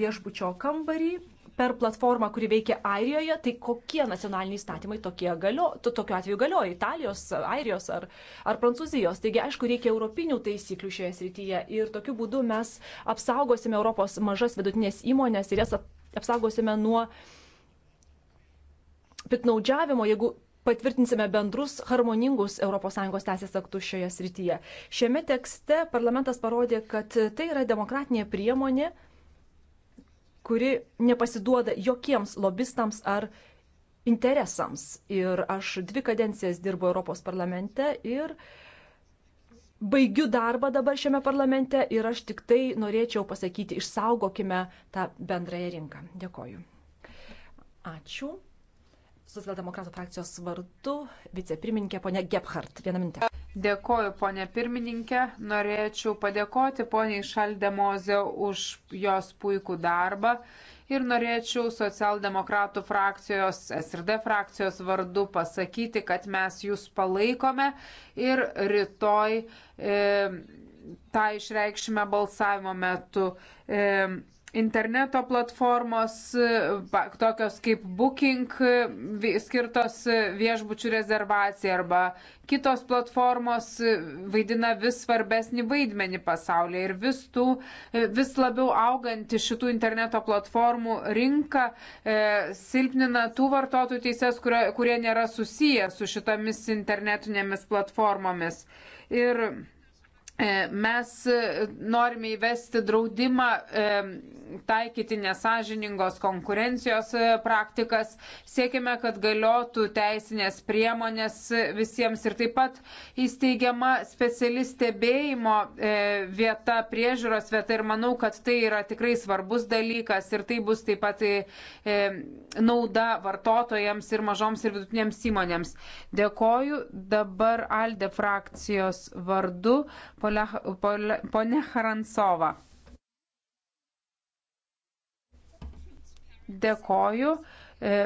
viešbučio kambarį, per platformą, kuri veikia Airijoje, tai kokie nacionaliniai įstatymai tokie galio, to, tokiu atveju galioja - Italijos, Airijos ar, ar Prancūzijos. Taigi, aišku, reikia europinių taisyklių šioje srityje ir tokiu būdu mes apsaugosime Europos mažas vidutinės įmonės ir jas apsaugosime nuo piknaudžiavimo, jeigu patvirtinsime bendrus harmoningus ES teisės aktus šioje srityje. Šiame tekste parlamentas parodė, kad tai yra demokratinė priemonė, kuri nepasiduoda jokiems lobistams ar interesams. Ir aš dvi kadencijas dirbu Europos parlamente ir baigiu darbą dabar šiame parlamente ir aš tik tai norėčiau pasakyti, išsaugokime tą bendrąją rinką. Dėkoju. Ačiū. Socialdemokratų frakcijos vardu vicepirmininkė ponia Gebhardt. Vieną minutę. Dėkoju, ponė pirmininkė. Norėčiau padėkoti poniai Šaldemoze už jos puikų darbą ir norėčiau socialdemokratų frakcijos, SRD frakcijos vardu pasakyti, kad mes jūs palaikome ir rytoj e, tą išreikšime balsavimo metu. E, interneto platformos, tokios kaip Booking, skirtos viešbučių rezervacijai arba kitos platformos vaidina vis svarbesnį vaidmenį pasaulyje ir vis, tų, vis labiau auganti šitų interneto platformų rinka e, silpnina tų vartotojų teises, kurie, kurie nėra susiję su šitomis internetinėmis platformomis. Ir E, mes e, norime įvesti draudimą e, taikyti nesažiningos konkurencijos praktikas, siekime, kad galiotų teisinės priemonės visiems ir taip pat įsteigiama speciali stebėjimo vieta, priežiūros vieta ir manau, kad tai yra tikrai svarbus dalykas ir tai bus taip pat nauda vartotojams ir mažoms ir vidutinėms įmonėms. Dėkoju dabar Alde frakcijos vardu. Pole, pole, pone Harantsova. Dėkoju. E,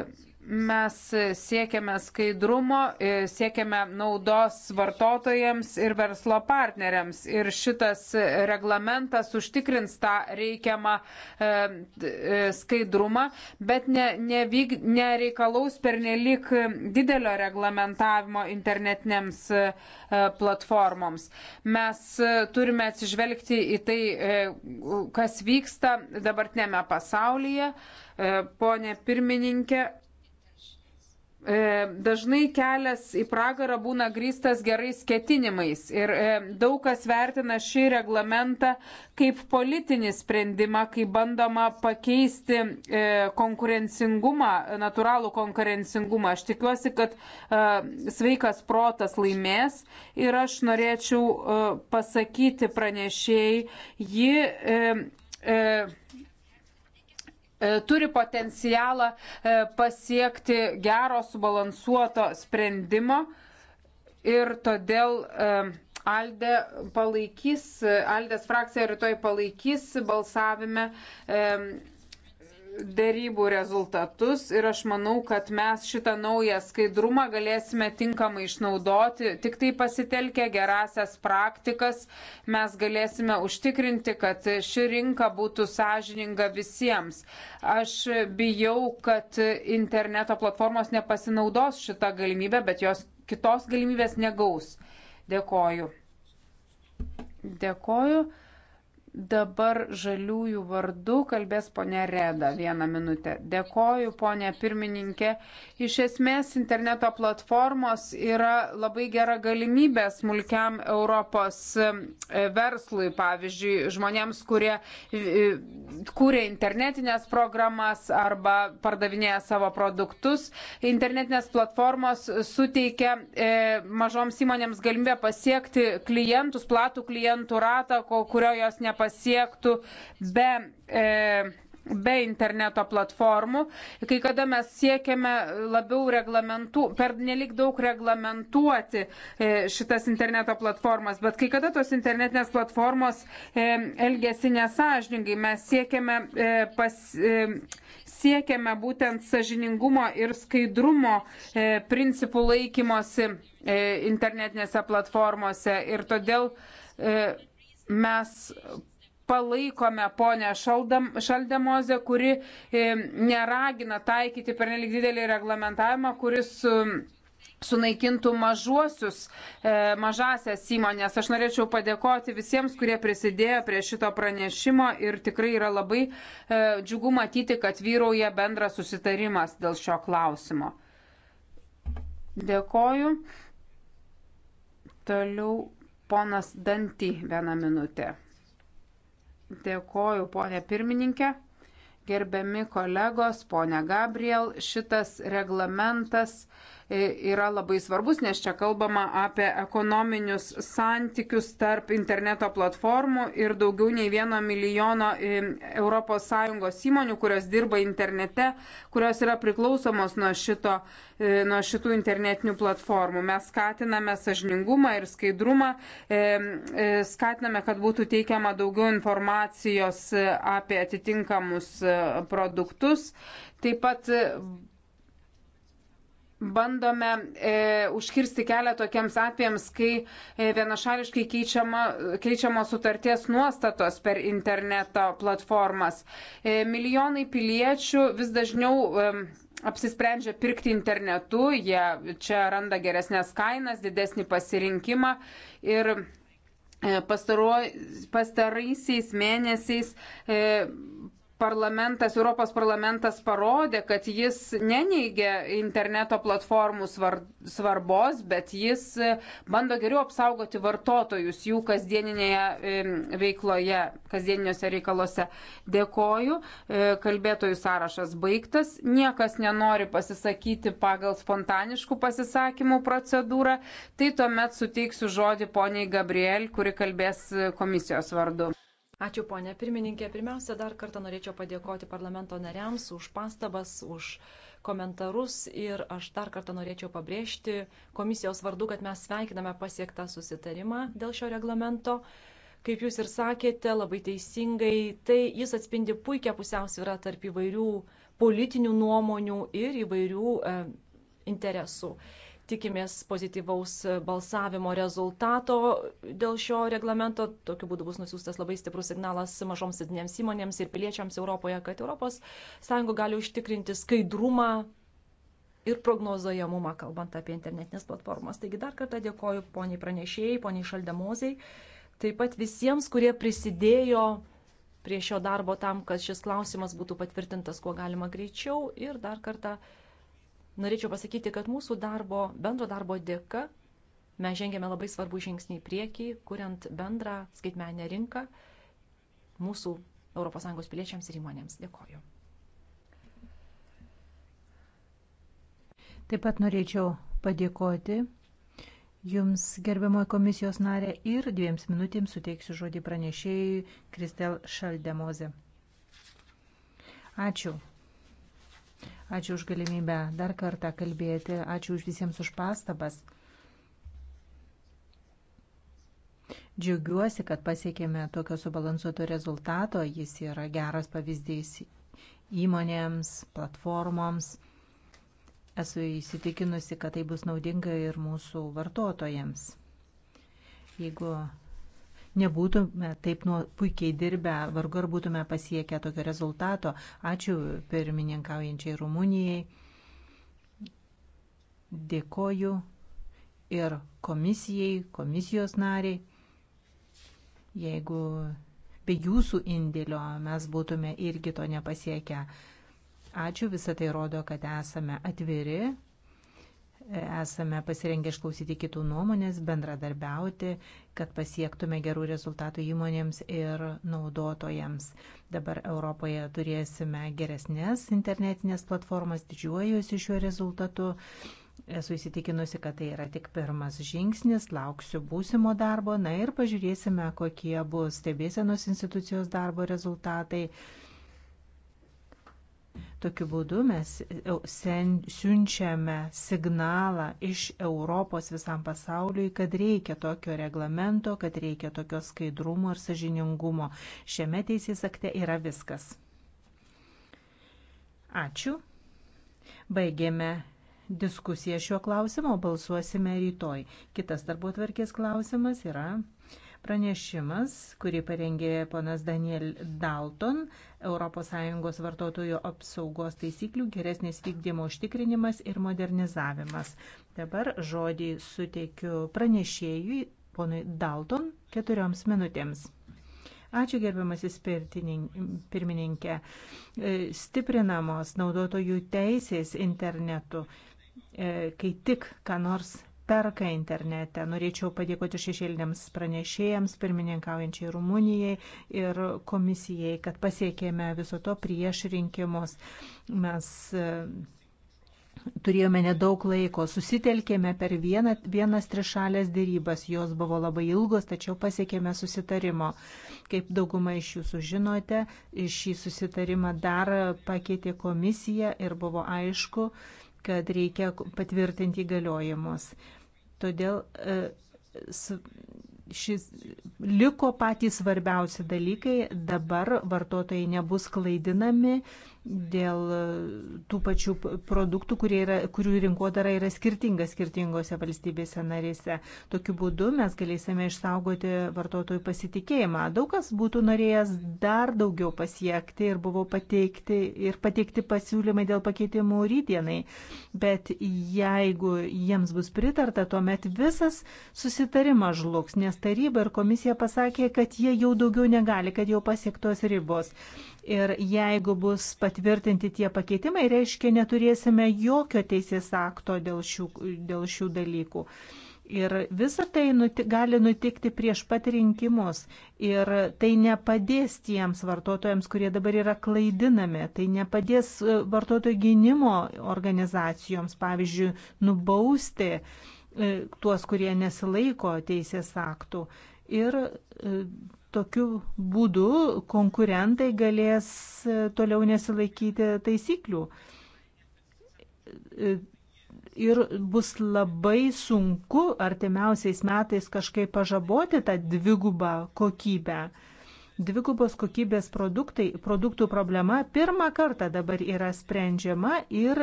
mes siekiame skaidrumo, e, siekiame naudos vartotojams ir verslo partneriams. Ir šitas reglamentas užtikrins tą reikiamą e, e, skaidrumą, bet ne, nevyk, nereikalaus pernelik didelio reglamentavimo internetinėms platformoms. Mes turime atsižvelgti į tai, kas vyksta dabartinėme pasaulyje. Pone pirmininkė, E, dažnai kelias į pragarą būna grįstas gerais ketinimais ir e, daug kas vertina šį reglamentą kaip politinį sprendimą, kai bandoma pakeisti e, konkurencingumą, natūralų konkurencingumą. Aš tikiuosi, kad sveikas protas laimės ir aš norėčiau pasakyti pranešėjai, ji E, turi potencialą e, pasiekti gero subalansuoto sprendimo ir todėl e, Alde palaikys, Aldės frakcija rytoj palaikys balsavime dėrybų rezultatus ir aš manau, kad mes šitą naują skaidrumą galėsime tinkamai išnaudoti. Tik tai pasitelkę gerasias praktikas mes galėsime užtikrinti, kad ši rinka būtų sąžininga visiems. Aš bijau, kad interneto platformos nepasinaudos šitą galimybę, bet jos kitos galimybės negaus. Dėkoju. Dėkoju. Dabar žaliųjų vardu kalbės ponė Reda vieną minutę. Dėkoju, ponė pirmininkė. Iš esmės, interneto platformos yra labai gera galimybė smulkiam Europos e, verslui, pavyzdžiui, žmonėms, kurie e, e, kūrė internetinės programas arba pardavinėja savo produktus. Internetinės platformos suteikia mažoms įmonėms galimybę pasiekti klientus, platų klientų ratą, kurio jos nepasiekė pasiektų be. E, be interneto platformų. Kai kada mes siekiame labiau reglamentų, per nelik daug reglamentuoti e, šitas interneto platformas, bet kai kada tos internetinės platformos e, elgesi nesažiningai, mes siekiame e, pas siekiame būtent sažiningumo ir skaidrumo e, principų laikymosi e, internetinėse platformose ir todėl e, mes palaikome ponę Šaldemozę, kuri e, neragina taikyti pernelik didelį reglamentavimą, kuris e, sunaikintų mažuosius, e, mažasias įmonės. Aš norėčiau padėkoti visiems, kurie prisidėjo prie šito pranešimo ir tikrai yra labai džiugu matyti, kad vyrauja bendras susitarimas dėl šio klausimo. Dėkoju. Toliau ponas Danty vieną minutę. Dėkoju, ponė pirmininkė. Gerbiami kolegos, ponė Gabriel, šitas reglamentas E, yra labai svarbus, nes čia kalbama apie ekonominius santykius tarp interneto platformų ir daugiau nei vieno milijono ES įmonių, kurios dirba internete, kurios yra priklausomos nuo, šito, e, nuo šitų internetinių platformų. Mes skatiname sažningumą ir skaidrumą, e, skatiname, kad būtų teikiama daugiau informacijos apie atitinkamus produktus. Taip pat bandome e, užkirsti kelią tokiems atvejams, kai e, vienašališkai keičiama, keičiamos sutarties nuostatos per interneto platformas. E, milijonai piliečių vis dažniau e, apsisprendžia pirkti internetu, jie čia randa geresnės kainas, didesnį pasirinkimą ir e, pastaro, pastaraisiais mėnesiais e, parlamentas, Europos parlamentas parodė, kad jis neneigia interneto platformų svar, svarbos, bet jis e, bando geriau apsaugoti vartotojus jų kasdieninėje e, veikloje, kasdieniniuose reikaluose. Dėkoju, e, kalbėtojų sąrašas baigtas, niekas nenori pasisakyti pagal spontaniškų pasisakymų procedūrą, tai tuomet suteiksiu žodį poniai Gabriel, kuri kalbės komisijos vardu. Ačiū, ponė pirmininkė. Pirmiausia, dar kartą norėčiau padėkoti parlamento nariams už pastabas, už komentarus ir aš dar kartą norėčiau pabrėžti komisijos vardu, kad mes sveikiname pasiektą susitarimą dėl šio reglamento. Kaip jūs ir sakėte, labai teisingai, tai jis atspindi puikią pusiausvyrą tarp įvairių politinių nuomonių ir įvairių e, interesų. E, tikimės pozityvaus balsavimo rezultato dėl šio reglamento. Tokiu būdu bus nusiųstas labai stiprus signalas mažoms didinėms įmonėms ir piliečiams Europoje, kad ES gali užtikrinti skaidrumą ir prognozojamumą, kalbant apie internetinės platformas. Taigi dar kartą dėkoju poniai pranešėjai, poniai Šaldemoziai, taip pat visiems, kurie prisidėjo prie šio darbo tam, kad šis klausimas būtų patvirtintas kuo galima greičiau ir dar kartą dėkoju norėčiau pasakyti, kad mūsų darbo, bendro darbo dėka mes žengėme labai svarbų žingsnį į priekį, kuriant bendrą skaitmenę rinką mūsų ES piliečiams ir įmonėms. Dėkoju. Taip pat norėčiau padėkoti Jums, gerbiamoji komisijos narė, ir dviems minutėms suteiksiu žodį pranešėjai Kristel Šaldemozė. Ačiū. Ačiū už galimybę dar kartą kalbėti. Ačiū už visiems už pastabas. Džiaugiuosi, kad pasiekėme tokio subalansuoto rezultato. Jis yra geras pavyzdys įmonėms, platformoms. Esu įsitikinusi, kad tai bus naudinga ir mūsų vartotojams. Jeigu nebūtume taip nuo puikiai dirbę, vargu ar būtume pasiekę tokio rezultato. Ačiū pirmininkaujančiai Rumunijai. Dėkoju ir komisijai, komisijos nariai. Jeigu be jūsų indėlio mes būtume irgi to nepasiekę. Ačiū, visą tai rodo, kad esame atviri esame pasirengę išklausyti kitų nuomonės, bendradarbiauti, kad pasiektume gerų rezultatų įmonėms ir naudotojams. Dabar Europoje turėsime geresnės internetinės platformas, didžiuojuosi šiuo rezultatu. Esu įsitikinusi, kad tai yra tik pirmas žingsnis, lauksiu būsimo darbo, na ir pažiūrėsime, kokie bus stebėsenos institucijos darbo rezultatai. Tokiu būdu mes e, siunčiame signalą iš Europos visam pasauliui, kad reikia tokio reglamento, kad reikia tokio skaidrumo ir sažiningumo. Šiame teisės akte yra viskas. Ačiū. Baigėme diskusiją šiuo klausimu, balsuosime rytoj. Kitas darbo tvarkės klausimas yra Pranešimas, kurį parengė ponas Daniel Dalton, ES vartotojų apsaugos taisyklių geresnis vykdymo užtikrinimas ir modernizavimas. Dabar žodį suteikiu pranešėjui, ponui Dalton, keturioms minutėms. Ačiū gerbiamasis pirmininkė. E, stiprinamos naudotojų teisės internetu, e, kai tik ką nors perka internete. Norėčiau padėkoti šešėliniams pranešėjams, pirmininkaujančiai Rumunijai ir komisijai, kad pasiekėme viso to prieš rinkimus. Mes e, turėjome nedaug laiko, susitelkėme per vieną, vienas trišalės dėrybas, jos buvo labai ilgos, tačiau pasiekėme susitarimo. Kaip dauguma iš jūsų žinote, šį susitarimą dar pakeitė komisija ir buvo aišku, kad reikia patvirtinti įgaliojimus. Todėl e, šis liko patys svarbiausi dalykai, dabar vartotojai nebus klaidinami, dėl e, tų pačių produktų, yra, kurių rinkodara yra skirtinga skirtingose valstybėse narėse. Tokiu būdu mes galėsime išsaugoti vartotojų pasitikėjimą. Daug kas būtų norėjęs dar daugiau pasiekti ir buvo pateikti, ir pateikti pasiūlymai dėl pakeitimų rydienai. Bet jeigu jiems bus pritarta, tuomet visas susitarimas žlugs, nes taryba ir komisija pasakė, kad jie jau daugiau negali, kad jau pasiektos ribos. Ir jeigu bus patvirtinti tie pakeitimai, reiškia, neturėsime jokio teisės akto dėl šių, dėl šių dalykų. Ir visa tai nuti, gali nutikti prieš pat rinkimus. Ir tai nepadės tiems vartotojams, kurie dabar yra klaidinami. Tai nepadės e, vartotojų gynimo organizacijoms, pavyzdžiui, nubausti e, tuos, kurie nesilaiko teisės aktų. Ir e, Tokiu būdu konkurentai galės e, toliau nesilaikyti taisyklių. E, ir bus labai sunku artimiausiais metais kažkaip pažaboti tą dvigubą kokybę. Dvigubos kokybės produktai, produktų problema pirmą kartą dabar yra sprendžiama ir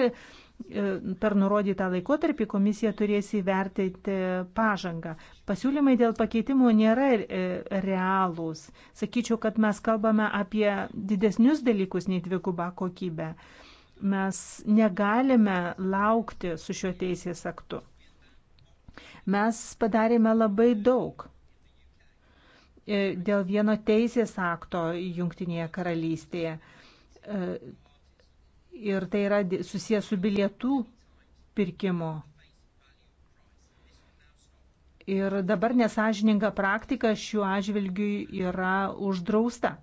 E, per nurodytą laikotarpį komisija turės įvertinti pažangą. Pasiūlymai dėl pakeitimų nėra e, realūs. Sakyčiau, kad mes kalbame apie didesnius dalykus nei dvigubą kokybę. Mes negalime laukti su šiuo teisės aktu. Mes padarėme labai daug e, dėl vieno teisės akto Junktinėje karalystėje ir tai yra susijęs su bilietų pirkimu. Ir dabar nesažininga praktika šiuo atžvilgiu yra uždrausta.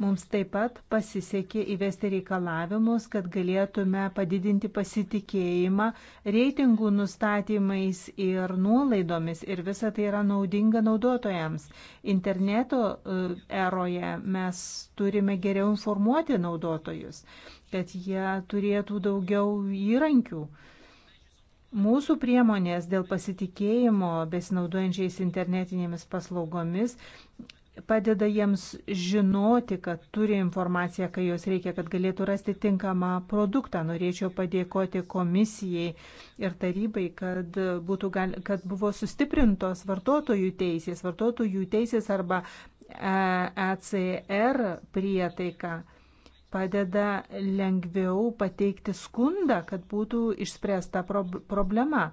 Mums taip pat pasisekė įvesti reikalavimus, kad galėtume padidinti pasitikėjimą reitingų nustatymais ir nuolaidomis ir visa tai yra naudinga naudotojams. Interneto e, eroje mes turime geriau informuoti naudotojus, kad jie turėtų daugiau įrankių. Mūsų priemonės dėl pasitikėjimo besinaudojančiais internetinėmis paslaugomis padeda jiems žinoti, kad turi informaciją, kai jos reikia, kad galėtų rasti tinkamą produktą. Norėčiau padėkoti komisijai ir tarybai, kad, būtų, gal, kad buvo sustiprintos vartotojų teisės, vartotojų teisės arba ECR e prietaika padeda lengviau pateikti skundą, kad būtų išspręsta problema.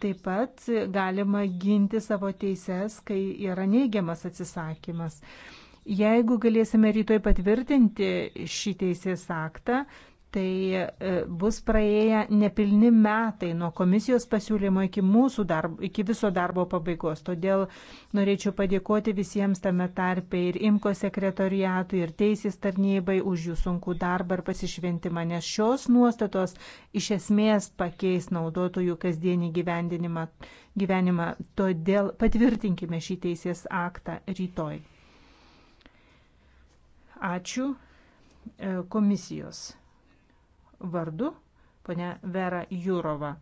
Taip pat galima ginti savo teises, kai yra neigiamas atsisakymas. Jeigu galėsime rytoj patvirtinti šį teisės aktą, tai e, bus praėję nepilni metai nuo komisijos pasiūlymo iki mūsų darbo, iki viso darbo pabaigos. Todėl norėčiau padėkoti visiems tame tarpe ir Imko sekretoriatui, ir Teisės tarnybai už jų sunkų darbą ir pasišventimą, nes šios nuostatos iš esmės pakeis naudotojų kasdienį gyvenimą. gyvenimą. Todėl patvirtinkime šį teisės aktą rytoj. Ačiū e, komisijos vardu ponia Vera Jurova.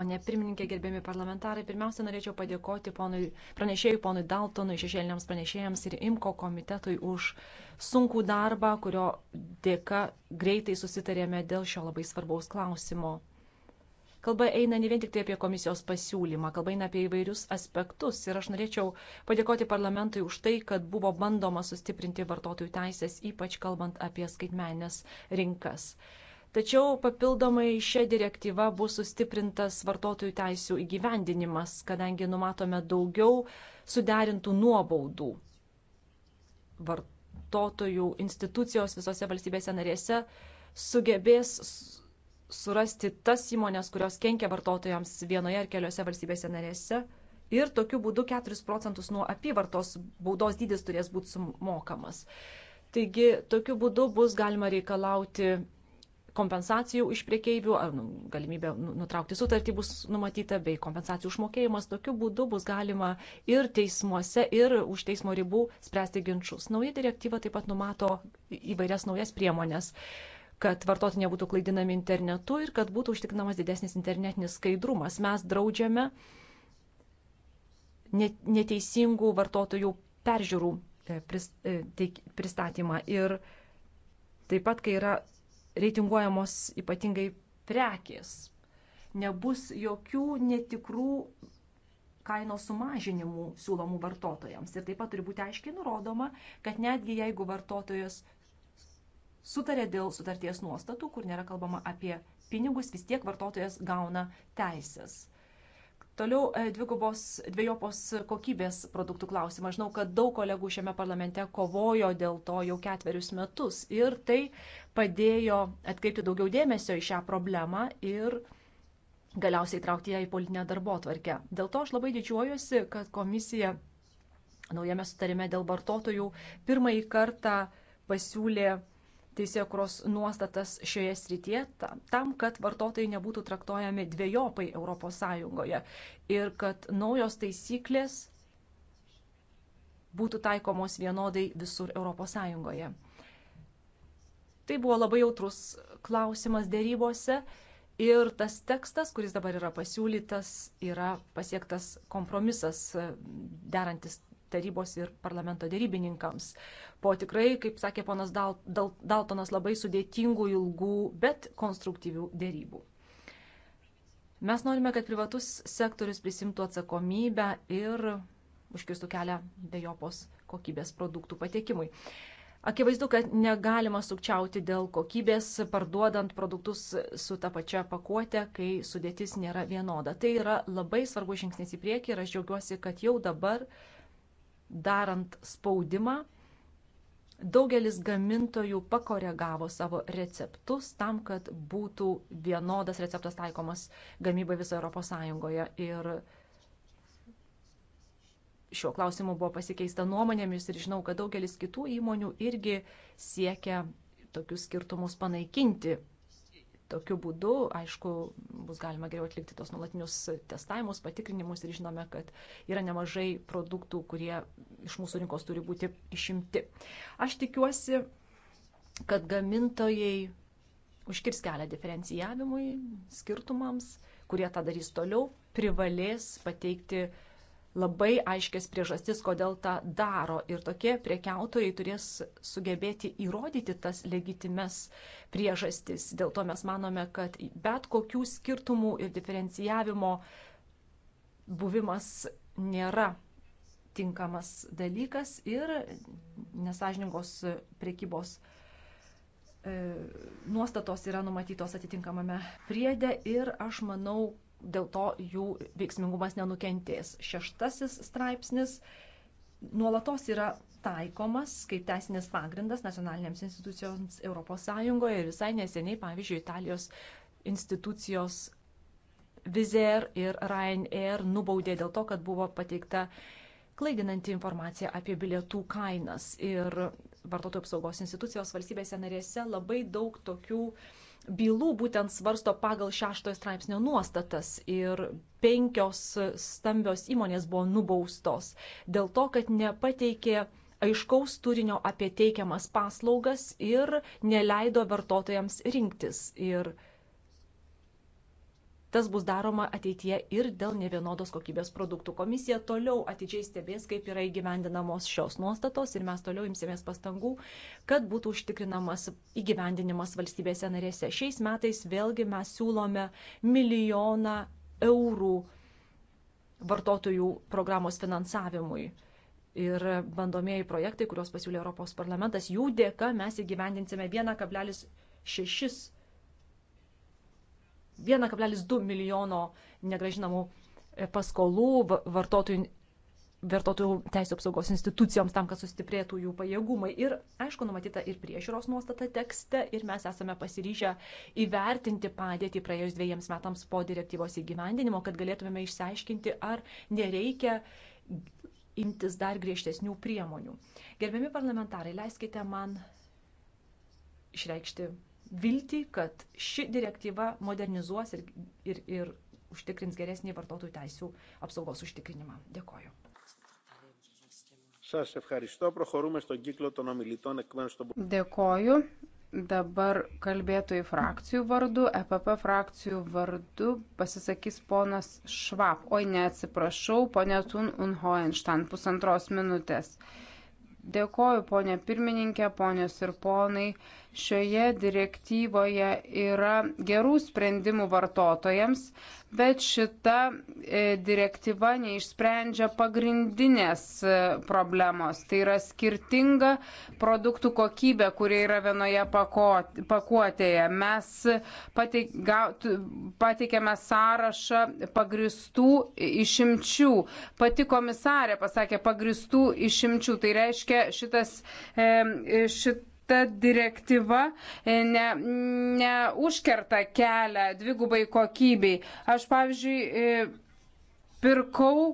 Pone pirmininkė, gerbėmi parlamentarai, pirmiausia, norėčiau padėkoti ponui, pranešėjui ponui Daltonui, šešėliniams pranešėjams ir IMKO komitetui už sunkų darbą, kurio dėka greitai susitarėme dėl šio labai svarbaus klausimo kalba eina ne vien tik tai apie komisijos pasiūlymą, kalba eina apie įvairius aspektus. Ir aš norėčiau padėkoti parlamentui už tai, kad buvo bandoma sustiprinti vartotojų teisės, ypač kalbant apie skaitmenės rinkas. Tačiau papildomai šią direktyvą bus sustiprintas vartotojų teisų įgyvendinimas, kadangi numatome daugiau suderintų nuobaudų. Vartotojų institucijos visose valstybėse narėse sugebės surasti tas įmonės, kurios kenkia vartotojams vienoje ar keliose valstybėse narėse. Ir tokiu būdu 4 procentus nuo apyvartos baudos dydis turės būti sumokamas. Taigi, tokiu būdu bus galima reikalauti kompensacijų iš priekeivių, ar nu, galimybė nu, nutraukti sutartį bus numatyta, bei kompensacijų užmokėjimas. Tokiu būdu bus galima ir teismuose, ir už teismo ribų spręsti ginčius. Nauja direktyva taip pat numato įvairias naujas priemonės, kad vartotojai nebūtų klaidinami internetu ir kad būtų užtikrinamas didesnis internetinis skaidrumas. Mes draudžiame neteisingų vartotojų peržiūrų e, e, pristatymą ir taip pat, kai yra reitinguojamos ypatingai prekės, nebus jokių netikrų kainos sumažinimų siūlomų vartotojams. Ir taip pat turi būti aiškiai nurodoma, kad netgi jeigu vartotojas sutarė dėl sutarties nuostatų, kur nėra kalbama apie pinigus, vis tiek vartotojas gauna teisės. Toliau e, dvigubos, dviejopos kokybės produktų klausimą. Žinau, kad daug kolegų šiame parlamente kovojo dėl to jau ketverius metus ir tai padėjo atkreipti daugiau dėmesio į šią problemą ir galiausiai traukti ją į politinę darbo tvarkę. Dėl to aš labai didžiuojuosi, kad komisija naujame sutarime dėl vartotojų pirmąjį kartą pasiūlė teisėkros nuostatas šioje srityje tam, kad vartotojai nebūtų traktuojami dviejopai ES ir kad naujos taisyklės būtų taikomos vienodai visur ES. Tai buvo labai jautrus klausimas dėrybose ir tas tekstas, kuris dabar yra pasiūlytas, yra pasiektas kompromisas derantis tarybos ir parlamento dėrybininkams. Po tikrai, kaip sakė ponas Dal Dal Daltonas, labai sudėtingų, ilgų, bet konstruktyvių dėrybų. Mes norime, kad privatus sektorius prisimtų atsakomybę ir užkirstų kelią bejopos kokybės produktų patekimui. Akivaizdu, kad negalima sukčiauti dėl kokybės, parduodant produktus su ta pačia pakuote, kai sudėtis nėra vienoda. Tai yra labai svarbus žingsnis į priekį ir aš džiaugiuosi, kad jau dabar uh, darant spaudimą, daugelis gamintojų pakoregavo savo receptus tam, kad būtų vienodas receptas taikomas gamybai visoje Europos Sąjungoje. Ir šiuo klausimu buvo pasikeista nuomonėmis ir žinau, kad daugelis kitų įmonių irgi siekia tokius skirtumus panaikinti Tokiu būdu, aišku, bus galima geriau atlikti tos nuolatinius testavimus, patikrinimus ir žinome, kad yra nemažai produktų, kurie iš mūsų rinkos turi būti išimti. Aš tikiuosi, kad gamintojai užkirs kelią diferencijavimui, skirtumams, kurie tą darys toliau, privalės pateikti labai aiškės priežastis, kodėl tą daro. Ir tokie priekiautojai turės sugebėti įrodyti tas legitimes priežastis. Dėl to mes manome, kad bet kokių skirtumų ir diferencijavimo buvimas nėra tinkamas dalykas ir nesažiningos priekybos e, nuostatos yra numatytos atitinkamame priede ir aš manau, dėl to jų veiksmingumas nenukentės. Šeštasis straipsnis nuolatos yra taikomas kaip teisinės pagrindas nacionalinėms institucijoms ES ir visai neseniai, pavyzdžiui, Italijos institucijos Vizer ir Ryanair nubaudė dėl to, kad buvo pateikta klaidinanti informacija apie bilietų kainas. Ir vartotojų apsaugos institucijos valstybėse narėse labai daug tokių uh, bylų būtent svarsto pagal šeštojo straipsnio nuostatas ir penkios stambios įmonės buvo nubaustos dėl to, kad nepateikė aiškaus turinio apie teikiamas paslaugas ir neleido vartotojams rinktis. Ir tas bus daroma ateityje ir dėl nevienodos kokybės produktų. Komisija toliau atidžiai stebės, kaip yra įgyvendinamos šios nuostatos ir mes toliau imsimės pastangų, kad būtų užtikrinamas įgyvendinimas valstybėse narėse. Šiais metais vėlgi mes siūlome milijoną eurų vartotojų programos finansavimui. Ir bandomieji projektai, kuriuos pasiūlė Europos parlamentas, jų dėka mes įgyvendinsime 1,6 1,2 milijono negražinamų e, paskolų vartotojų, vartotojų teisų apsaugos institucijoms tam, kad sustiprėtų jų pajėgumai. Ir aišku, numatyta ir priežiūros nuostata tekste ir mes esame pasiryžę įvertinti padėtį praėjus dviejiems metams po direktyvos įgyvendinimo, kad galėtumėme išsiaiškinti, ar nereikia imtis dar griežtesnių priemonių. Gerbiami parlamentarai, leiskite man išreikšti viltį, kad ši direktyva modernizuos ir, ir, ir užtikrins geresnį vartotojų teisų apsaugos užtikrinimą. Dėkoju. Dėkoju. Dabar kalbėtojų frakcijų vardu, EPP frakcijų vardu pasisakys ponas Švab. Oi, neatsiprašau, ponė Tun Unhoenštan, pusantros minutės. Dėkoju, ponė pirmininkė, ponios ir ponai. Šioje direktyvoje yra gerų sprendimų vartotojams, bet šita e, direktyva neišsprendžia pagrindinės e, problemos. Tai yra skirtinga produktų kokybė, kurie yra vienoje pakuotėje. Mes pateikėme sąrašą pagristų išimčių. Pati komisarė pasakė pagristų išimčių. Tai reiškia, šitas, e, šit, ta direktyva neužkerta ne, ne kelią dvigubai kokybei. Aš, pavyzdžiui, e, pirkau.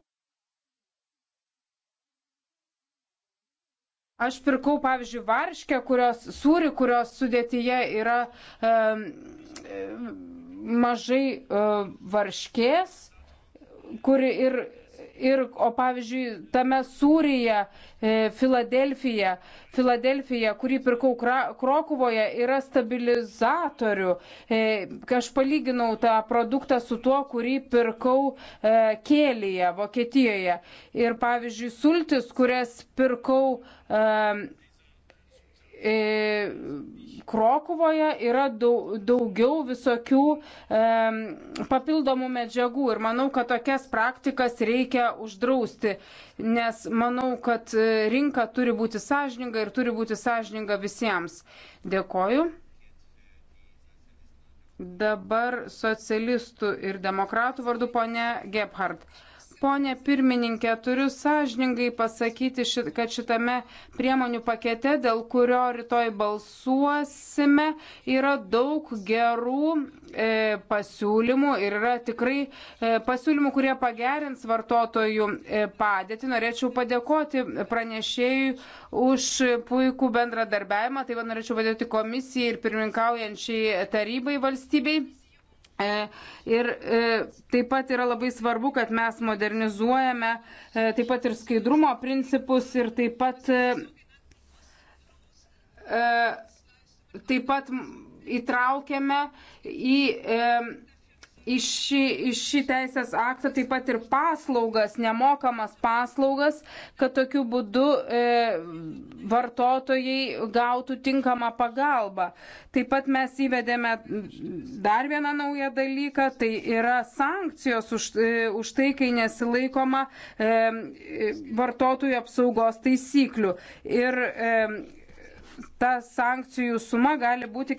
Aš pirkau, pavyzdžiui, varškę, kurios sūri, kurios sudėtyje yra e, mažai e, varškės, kuri ir Ir, o pavyzdžiui, tame sūryje, e, Filadelfija, Filadelfija, kurį pirkau Krokuvoje, yra stabilizatorių. E, aš palyginau tą produktą su tuo, kurį pirkau e, Kėlyje, Vokietijoje. Ir, pavyzdžiui, sultis, kurias pirkau E, Krokuvoje yra daugiau visokių e, papildomų medžiagų ir manau, kad tokias praktikas reikia uždrausti, nes manau, kad e, rinka turi būti sąžininga ir turi būti sąžininga visiems. Dėkoju. Dabar socialistų ir demokratų vardu ponė Gebhardt. Pone pirmininkė, turiu sąžiningai pasakyti, kad šitame priemonių pakete, dėl kurio rytoj balsuosime, yra daug gerų e, pasiūlymų ir yra tikrai e, pasiūlymų, kurie pagerins vartotojų e, padėtį. Norėčiau padėkoti pranešėjui už puikų bendradarbiavimą, taip pat norėčiau padėkoti komisijai ir pirmininkaujančiai tarybai valstybei. E, ir e, taip pat yra labai svarbu, kad mes modernizuojame e, taip pat ir skaidrumo principus ir taip pat, taip pat įtraukiame į iš šį, iš šį teisės aktą taip pat ir paslaugas, nemokamas paslaugas, kad tokiu būdu e, vartotojai gautų tinkamą pagalbą. Taip pat mes įvedėme dar vieną naują dalyką, tai yra sankcijos už, e, už tai, kai nesilaikoma e, vartotojų apsaugos taisyklių. Ir e, ta sankcijų suma gali būti